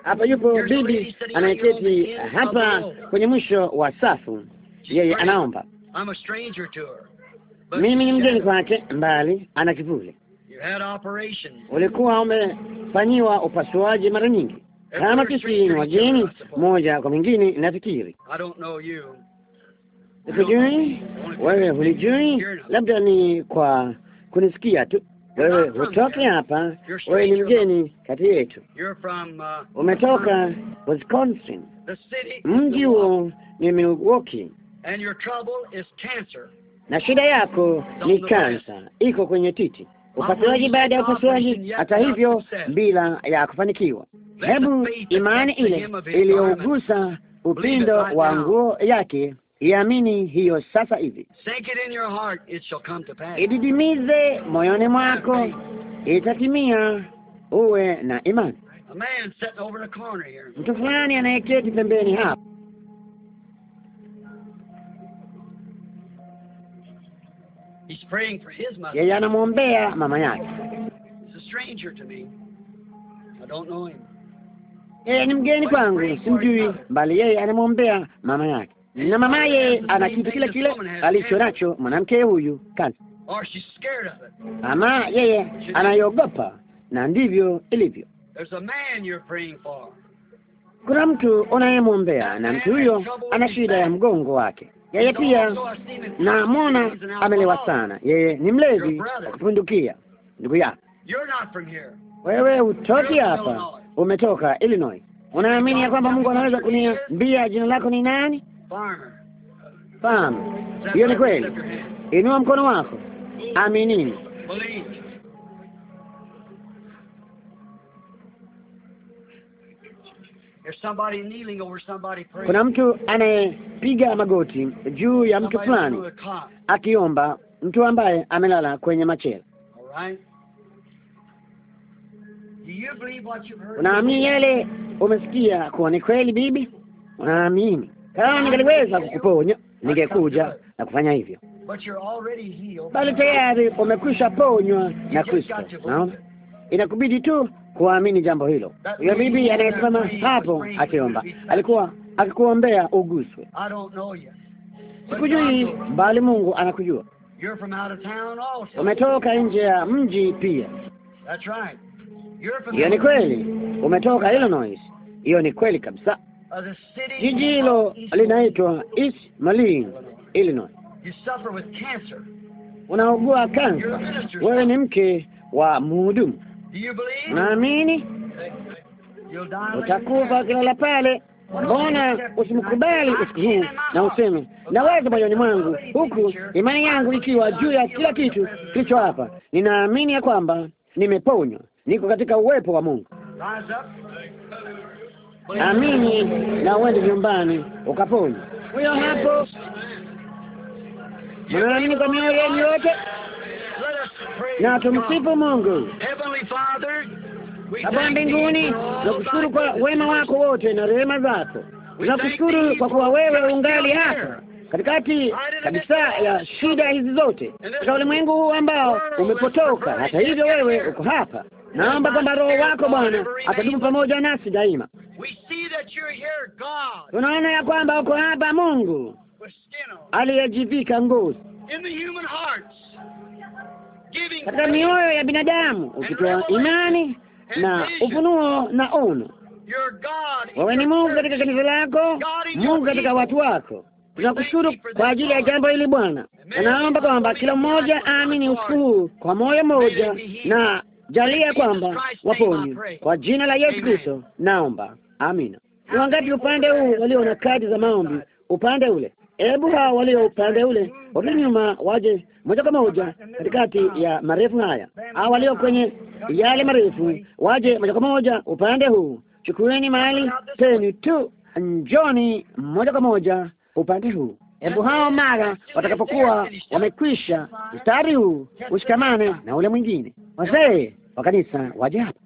Hapa yupo bibi anayeketi hapa kwenye mwisho wa safu, yeye anaomba mimi ni mgeni kwake, mbali ana kivuli. Ulikuwa umefanyiwa upasuaji mara nyingi, kama kisi wageni moja kwa mwingine. Nafikiri sikujui, wewe hulijui, labda ni kwa kunisikia tu. Wewe hutoke hapa, wewe ni mgeni kati yetu. Uh, Umetoka Wisconsin, mji huo ni Milwaukee na shida yako ni kansa, iko kwenye titi. Upasuaji baada ya upasuaji, hata hivyo, bila ya kufanikiwa. Hebu imani ile iliyougusa upindo wa nguo yake iamini hiyo sasa hivi, ididimize moyoni mwako, itatimia. Uwe na imani. Mtu fulani anayeketi pembeni hapa Yeye anamwombea mama yake. Yeye ni mgeni kwangu, simjui, mbali yeye anamwombea mama yake, na mamaye ana kitu kile kile alicho nacho mwanamke huyu kazi, ama yeye anaiogopa, na ndivyo ilivyo. Kuna mtu unayemwombea na mtu huyo ana shida ya mgongo wake yeye pia namwona amelewa sana. Yeye ni mlezi kupindukia. Ndugu yako wewe, utoki hapa, umetoka Illinois. Unaamini ya kwamba Mungu anaweza kuniambia jina lako ni nani? Farmer. Hiyo ni kweli. Inua mkono wako, aminini. Kuna mtu anayepiga magoti juu ya mtu fulani akiomba, mtu ambaye amelala kwenye machela. Unaamini yale umesikia kuwa ni kweli, bibi? Unaamini? Kama ningeliweza kukuponya ningekuja na kufanya hivyo, bali tayari umekwisha ponywa na Kristo. Naona inakubidi tu kuamini jambo hilo. Huyo bibi anayesimama hapo akiomba alikuwa akikuombea uguswe. Sikujui bali Mungu anakujua. Umetoka nje ya mji pia. Hiyo ni kweli, umetoka Illinois. Hiyo ni kweli kabisa. Jiji hilo linaitwa East Moline, Illinois. Unaugua kansa, wewe ni mke wa mhudumu Naamini utakufa kilala pale. Mbona usimkubali usiku huu na useme naweza moyoni mwangu, huku imani yangu ikiwa juu ya kila kitu kilicho hapa? Ninaamini ya kwamba nimeponywa, niko katika uwepo wa Mungu. Amini na uende nyumbani ukaponywa. Huyo hapo, mnaamini kwa mioyo yenu yote? na tumsifu Mungu. Baba mbinguni, nakushukuru kwa wema wako wote na rehema zako. Nakushukuru kwa kuwa wewe ungali hapa katikati kabisa ya shida hizi zote katika ulimwengu huu ambao umepotoka. Hata hivyo, wewe uko hapa. Naomba kwamba Roho wako Bwana atadumu pamoja nasi daima. Tunaona ya kwamba uko hapa Mungu aliyejivika ngozi katika mioyo ya binadamu, ukitoa imani na ufunuo na ono. Wewe ni Mungu katika kanisa lako, Mungu katika watu wako. Tunakushukuru kwa ajili ya jambo hili Bwana, naomba kwamba kila mmoja aamini usiku kwa moyo mmoja, na jalia kwamba waponi kwa jina la Yesu Kristo, naomba amina. Ni wangapi upande huu walio na kadi za maombi upande ule? Hebu hao walio upande ule warudi nyuma, waje moja kwa moja katikati ya marefu haya. Hao walio kwenye yale marefu waje moja kwa moja upande huu. Chukueni mahali peni tu, njoni moja kwa moja upande huu. Hebu hao mara watakapokuwa wamekwisha mstari huu ushikamane na ule mwingine. Wazee wa kanisa waje hapa.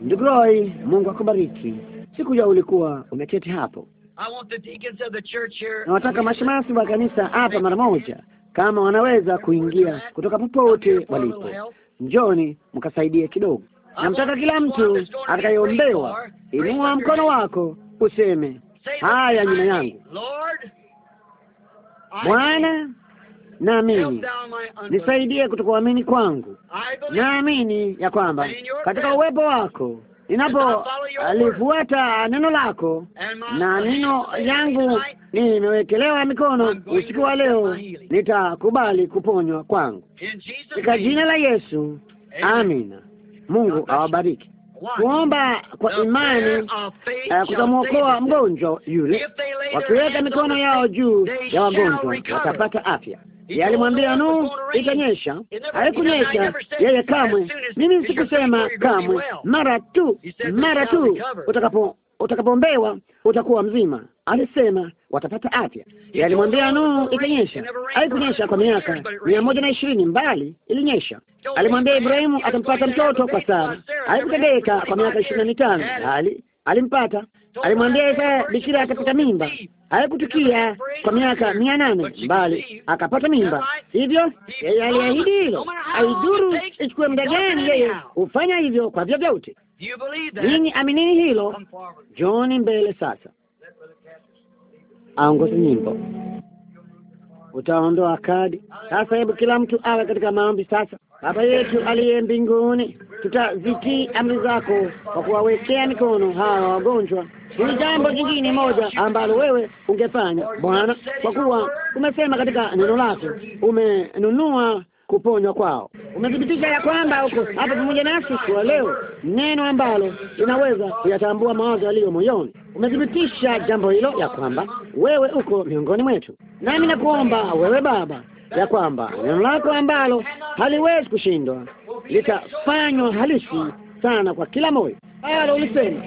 Ndugu Roy, Mungu akubariki. Siku ya ulikuwa umeketi hapo Nawataka mashemasi wa kanisa hapa mara moja, kama wanaweza kuingia kutoka popote walipo, njoni mkasaidie kidogo. Namtaka kila mtu atakayeombewa, inua mkono wako useme haya nyuma yangu, Bwana, naamini nisaidie kutokuamini kwangu. Naamini ya kwamba katika uwepo wako inapolifuata neno lako na neno yangu nimewekelewa mikono usiku wa leo, nitakubali kuponywa kwangu katika jina la Yesu, amina. Mungu awabariki. Kuomba kwa imani uh, kutamwokoa mgonjwa yule. Wakiweka mikono yao juu ya wagonjwa watapata afya yalimwambia Nuhu, itanyesha. Haikunyesha yeye kamwe. Mimi sikusema kamwe, mara tu mara tu utakapo utakapombewa utakuwa mzima. Alisema watapata afya. Alimwambia Nuhu, itanyesha. Haikunyesha kwa miaka mia moja na ishirini mbali ilinyesha. Alimwambia Ibrahimu atampata mtoto kwa Sara. Haikutendeka kwa miaka ishirini na mitano bali alimpata alimwambia Isaya bikira atapata mimba. Haikutukia kwa miaka mia nane bali akapata mimba, hivyo yeye aliahidi hilo. aiduru ichukue muda gani, yeye hufanya hivyo kwa vyovyote. Ninyi aminini hilo. Johni mbele sasa, aongoze nyimbo, utaondoa kadi sasa. Hebu kila mtu awe katika maombi sasa. Baba yetu aliye mbinguni, tutazitii amri zako kwa kuwawekea mikono hawa wagonjwa ni jambo jingine moja ambalo wewe ungefanya Bwana, kwa kuwa umesema katika neno lako umenunua kuponywa kwao, umethibitisha ya kwamba uko hapa pamoja nasi kwa leo, neno ambalo inaweza kuyatambua mawazo yaliyo moyoni. Umethibitisha jambo hilo ya kwamba wewe uko miongoni mwetu, nami nakuomba wewe Baba ya kwamba neno lako ambalo haliwezi kushindwa litafanywa halisi sana kwa kila moyo, bado ulisema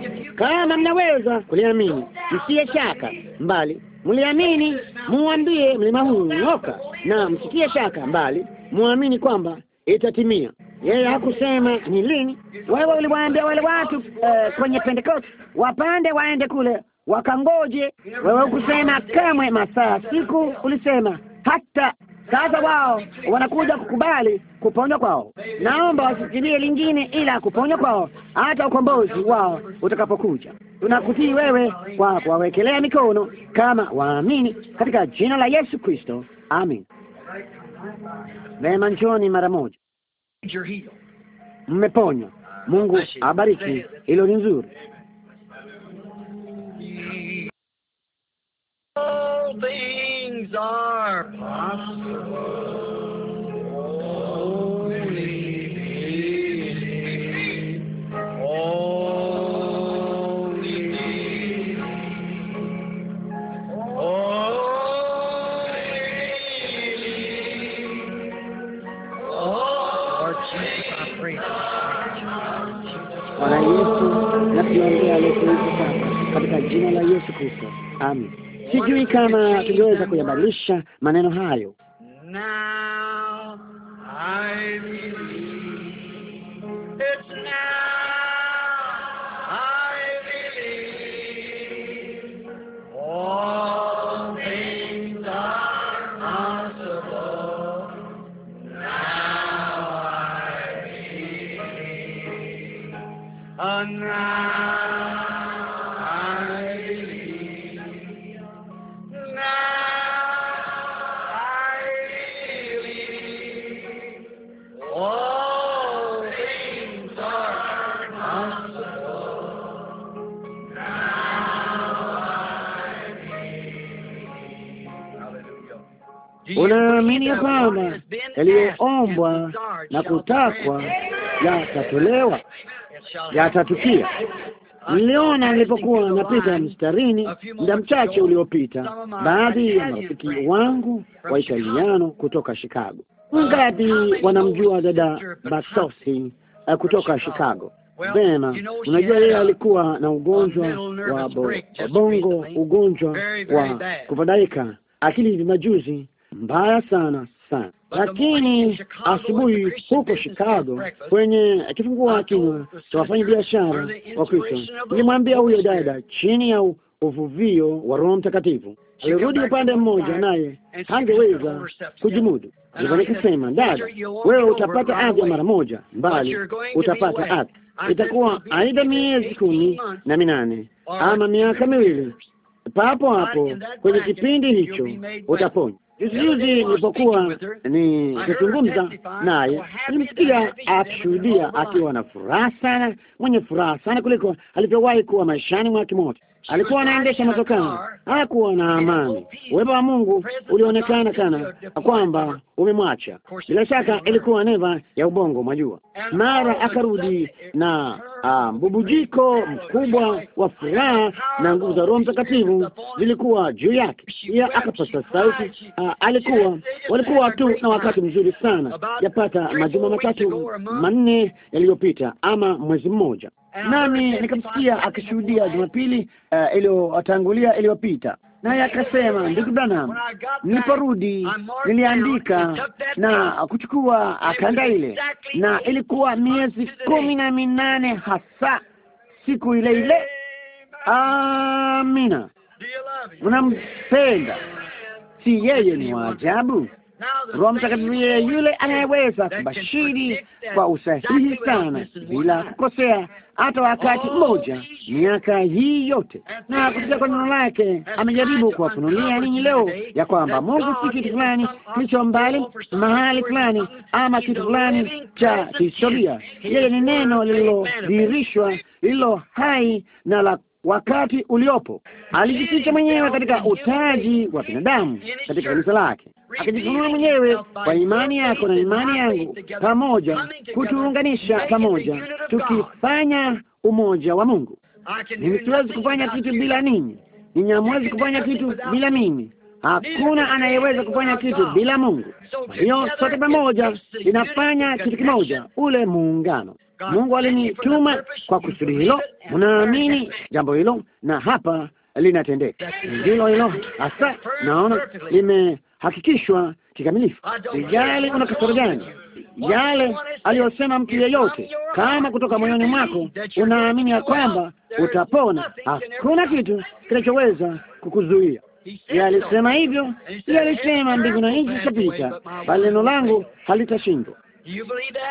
kama mnaweza kuliamini, msiye shaka mbali, mliamini, muambie mlima huu ng'oka, na msitie shaka mbali, muamini kwamba itatimia. Yeye hakusema ni lini. Wewe uliwaambia wale watu uh, kwenye Pentecost wapande waende kule wakangoje. Wewe ukusema kamwe masaa, siku, ulisema hata sasa wao wanakuja kukubali kuponywa kwao. Naomba wasikilie lingine ila kuponywa kwao, hata ukombozi wao utakapokuja. Tunakutii wewe kwa kuwawekelea mikono kama waamini, katika jina la Yesu Kristo, amin. Mema, njoni mara moja, mmeponywa. Mungu abariki, hilo ni nzuri. all things are possible. Only believe. Only believe. Only Para Yesu na tunaombea aliyefufuka katika jina la Yesu Kristo. Amen. Sijui kama tungeweza kuyabadilisha maneno hayo ninaamini ya kwamba yaliyoombwa na kutakwa yatatolewa, yatatukia. Niliona nilipokuwa napita mstarini muda mchache uliopita, baadhi ya marafiki wangu wa Italiano kutoka Chicago. Wangapi wanamjua dada Basosi eh, kutoka Chicago? Vema, unajua yeye alikuwa na ugonjwa wa bongo, ugonjwa wa kufadhaika akili majuzi mbaya sana sana. Lakini asubuhi huko Chicago, kwenye kifungua kinywa cha wafanya biashara wa Kristo, nilimwambia huyo dada chini ya uvuvio wa Roho Mtakatifu alirudi upande mmoja, naye hangeweza kujimudu. Ndipo nikasema, dada, wewe utapata afya mara moja, mbali utapata afya, itakuwa aidha miezi kumi na minane ama miaka miwili papo hapo kwenye kipindi hicho utapona. Juzi juzi nilipokuwa nikizungumza naye, nilimsikia akishuhudia oh, akiwa na furaha sana, mwenye furaha sana kuliko alivyowahi kuwa maishani mwake mote alikuwa anaendesha motokaa, hakuwa na amani. Uwepo wa Mungu ulionekana kana kwamba umemwacha. Bila shaka ilikuwa neva ya ubongo, mwajua. Mara akarudi na ah, mbubujiko mkubwa wa furaha, na nguvu za Roho Mtakatifu zilikuwa juu yake. Pia akapasa sauti. Ah, alikuwa walikuwa tu na wakati mzuri sana, yapata majuma matatu manne yaliyopita, ama mwezi mmoja nami nikamsikia akishuhudia Jumapili uh, iliyotangulia iliyopita, naye akasema, ndugu Branham, niliporudi niliandika na kuchukua uh, kanda ile, na ilikuwa miezi kumi na minane hasa siku ile ile. Amina, unampenda si yeye? Ni waajabu. Roho Mtakatifu yeye yule anayeweza kubashiri kwa usahihi sana bila kukosea hata wakati mmoja, miaka hii yote, na kupitia kwa neno lake amejaribu kuwafunulia ninyi leo ya kwamba Mungu si kitu fulani kilicho mbali mahali fulani ama kitu fulani cha kihistoria. Yeye ni neno lililodhihirishwa lililo hai na la wakati uliopo. Alijificha mwenyewe katika utaji wa binadamu katika kanisa lake, akijifunua mwenyewe kwa imani yako na imani yangu pamoja, kutuunganisha pamoja, tukifanya umoja wa Mungu. Mimi siwezi kufanya kitu bila ninyi, ninyi hamwezi kufanya kitu bila mimi. Hakuna anayeweza kufanya kitu bila Mungu. Kwa hiyo sote pamoja inafanya kitu kimoja, ule muungano. Mungu alinituma kwa kusudi hilo. Unaamini jambo hilo? Na hapa linatendeka ndilo hilo hasa. Naona limehakikishwa kikamilifu. Sijali una kasoro gani, yale aliyosema mtu yeyote, kama kutoka moyoni mwako unaamini ya kwamba utapona, hakuna kitu kinachoweza kukuzuia. alisema hivyo, alisema mbingu na nchi zitapita, bali neno langu halitashindwa.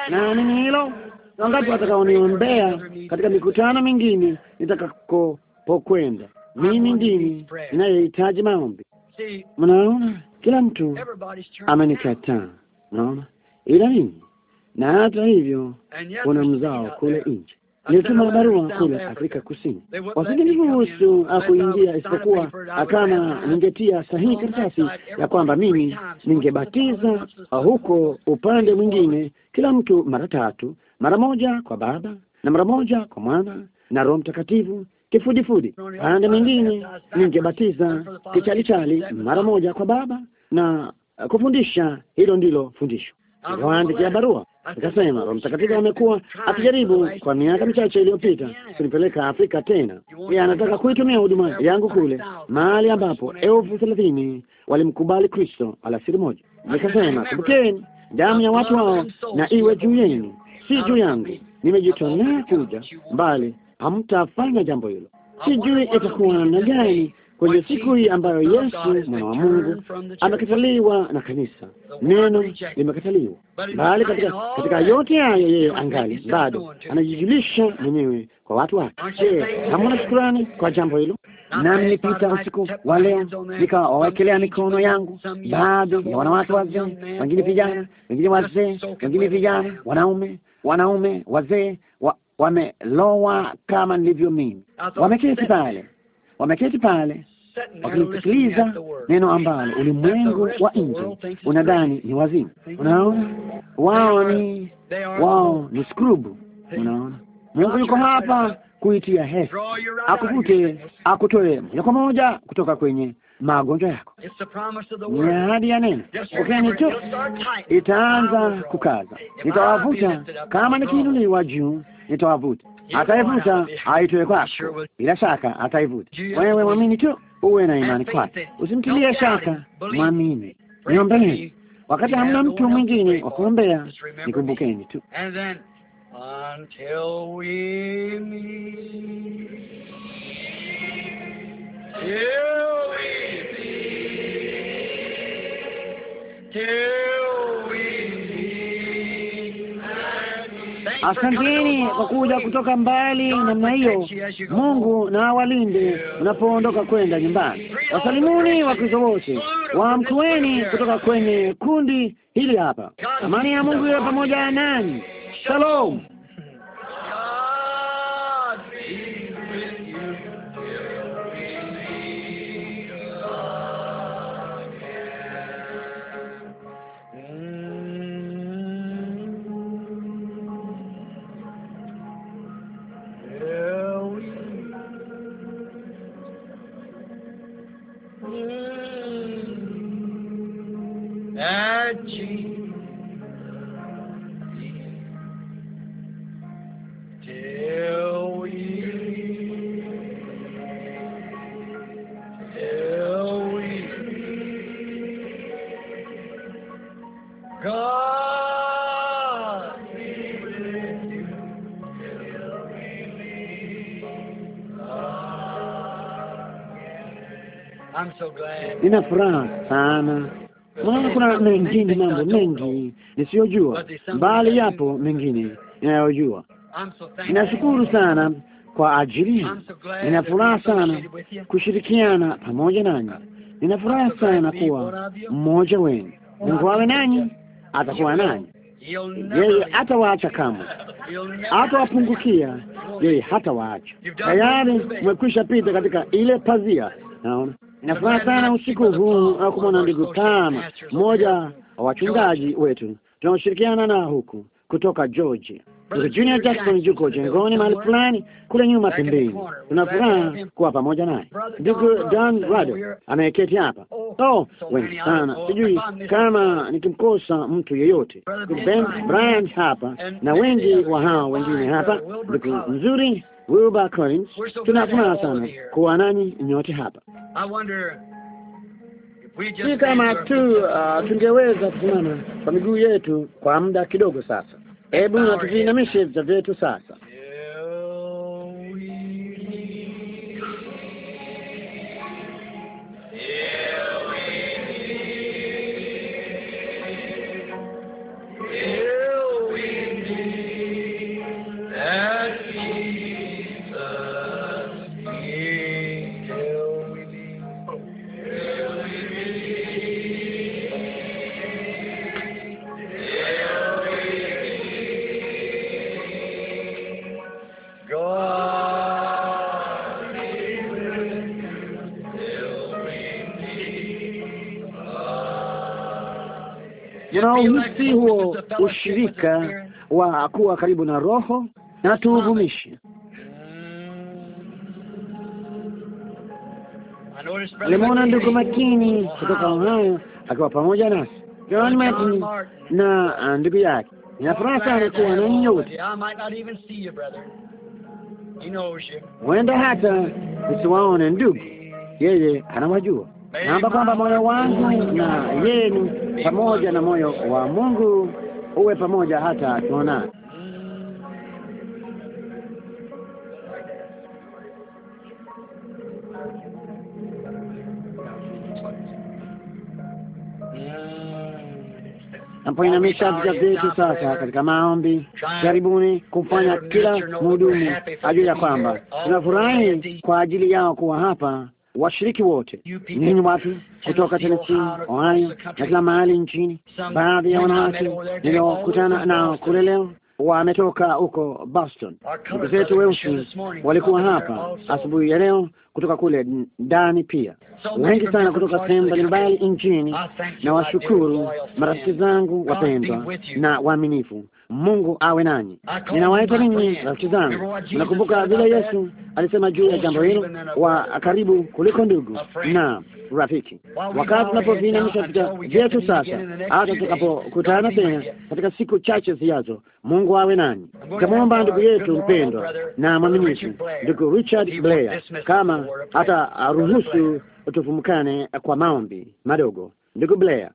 Naamini hilo wangapi watakaoniombea katika mikutano mingine nitakapokwenda. Mimi ndimi ninayehitaji maombi. Mnaona, kila mtu amenikataa, mnaona, ila mimi na hata hivyo kuna mzao kule nje nilituma barua kule Afrika Kusini, wasingeniruhusu kuingia isipokuwa kama ningetia sahihi karatasi ya kwamba mimi ningebatiza huko upande mwingine, kila mtu mara tatu, mara moja kwa Baba na mara moja kwa Mwana na Roho Mtakatifu kifudifudi. Pande mwingine ningebatiza kichalichali, mara moja kwa Baba na kufundisha. Hilo ndilo fundisho. Niliwaandikia barua Akasema Roho Mtakatifu amekuwa akijaribu kwa miaka michache iliyopita kunipeleka Afrika tena. Yeye anataka kuitumia huduma yangu kule, mahali ambapo elfu thelathini walimkubali Kristo alasiri moja. Nikasema, kumbukeni damu ya watu hao na iwe juu yenu, si juu yangu. Nimejitolea kuja, mbali hamtafanya jambo hilo. Sijui itakuwa namna gani kwenye siku hii ambayo Yesu mwana wa Mungu amekataliwa na kanisa, neno limekataliwa, bali katika katika yote hayo yeye angali bado anajijulisha mwenyewe kwa watu wake. Je, hamuna shukurani kwa jambo hilo? Nami nipita usiku wa leo nikawawekelea mikono yangu baadhi ya wanawake wazee, wengine vijana, wengine wazee, wengine vijana, wanaume, wanaume wazee wamelowa kama nilivyo mimi, wameketi pale, wameketi pale wakilisikiliza neno ambalo ulimwengu wa nje unadhani ni wazimu. Unaona, wao ni wao ni skrubu. Unaona, Mungu yuko hapa kuitia hesi, akuvute akutoe moja kwa moja kutoka kwenye magonjwa yako. Ni ahadi ya neno. ukeni tu itaanza kukaza, nitawavuta kama nikiinuliwa juu, nitawavuta ataivuta, aitoe kwako, bila shaka ataivuta. Wewe mwamini tu uwe na imani kwake, usimtilie shaka, mwamini. Niombeni wakati hamna mtu mwingine wa kuombea, nikumbukeni tu. Asanteni kwa kuja kutoka mbali namna hiyo. Mungu na awalinde unapoondoka kwenda nyumbani. Wasalimuni Wakristo wote, waamkueni kutoka kwenye kundi hili hapa. Amani ya Mungu iwe pamoja nanyi. Shalom. Nina furaha sana, maana kuna mengine mambo mengi nisiyojua, mbali yapo mengine ninayojua. Ninashukuru sana kwa ajili hii. Nina furaha sana kushirikiana pamoja nanyi. Nina furaha sana kuwa mmoja wenu. Mungu awe nanyi, atakuwa nanyi, yeye hatawaacha kamwe, hatawapungukia yeye, hatawaacha. Tayari mmekwisha pita katika ile pazia, naona Ninafuraha sana usiku huu au kumwona ndugu kama mmoja wa wachungaji wetu tunaoshirikiana na huku kutoka Georgia. Ndugu Junior Jackson yuko jengoni mahali fulani kule nyuma pembeni. Tunafuraha kuwa pamoja naye. Ndugu Don Rado ameketi hapa. Oh, wengi sana, sijui kama nikimkosa mtu yeyote. Ben Bryant hapa na wengi wa hao wengine hapa. Ndugu nzuri Wilbur Collins, tunafuraha sana kuwa nanyi nyote hapa. Si kama tu uh, tungeweza kusimama kwa miguu yetu kwa muda kidogo sasa. Hebu natuviinamishe vichwa vyetu sasa. Nauhisi huo ushirika wa kuwa karibu na Roho na tuuvumishe. Nimeona ndugu makini kutoka Ohio akiwa pamoja nasi John Martin na uh, ndugu yake. Nina sana kuwa na nyote. Huenda hata usiwaone ndugu, yeye anawajua. Naomba kwamba moyo wangu na yenu pamoja na moyo wa Mungu uwe pamoja hata tuonana. Napoinamisha vichwa vyetu sasa katika maombi, jaribuni kumfanya kila mhudumu ajue ya kwamba tunafurahi kwa ajili yao kuwa hapa washiriki wote, ninyi watu kutoka Tennessee, Ohio na kila mahali nchini. Baadhi ya wanawake niliokutana nao kule leo wametoka huko Boston. Ndugu zetu weusi walikuwa hapa asubuhi ya leo kutoka kule ndani, pia wengi sana kutoka sehemu mbalimbali nchini. Na washukuru marafiki zangu wapendwa na waaminifu Mungu awe nanyi. Ninawaita ninyi rafiki zangu. Nakumbuka vile Yesu alisema juu ya jambo hilo, wa karibu kuliko ndugu na rafiki. Wakati tunapoviinamisha vita vyetu sasa, hata tutakapokutana tena katika siku chache zijazo, Mungu awe nanyi. Nitamwomba ndugu yetu mpendwa na mwaminifu, ndugu Richard Blair, kama hata ruhusu tufumukane kwa maombi madogo. Ndugu Blair,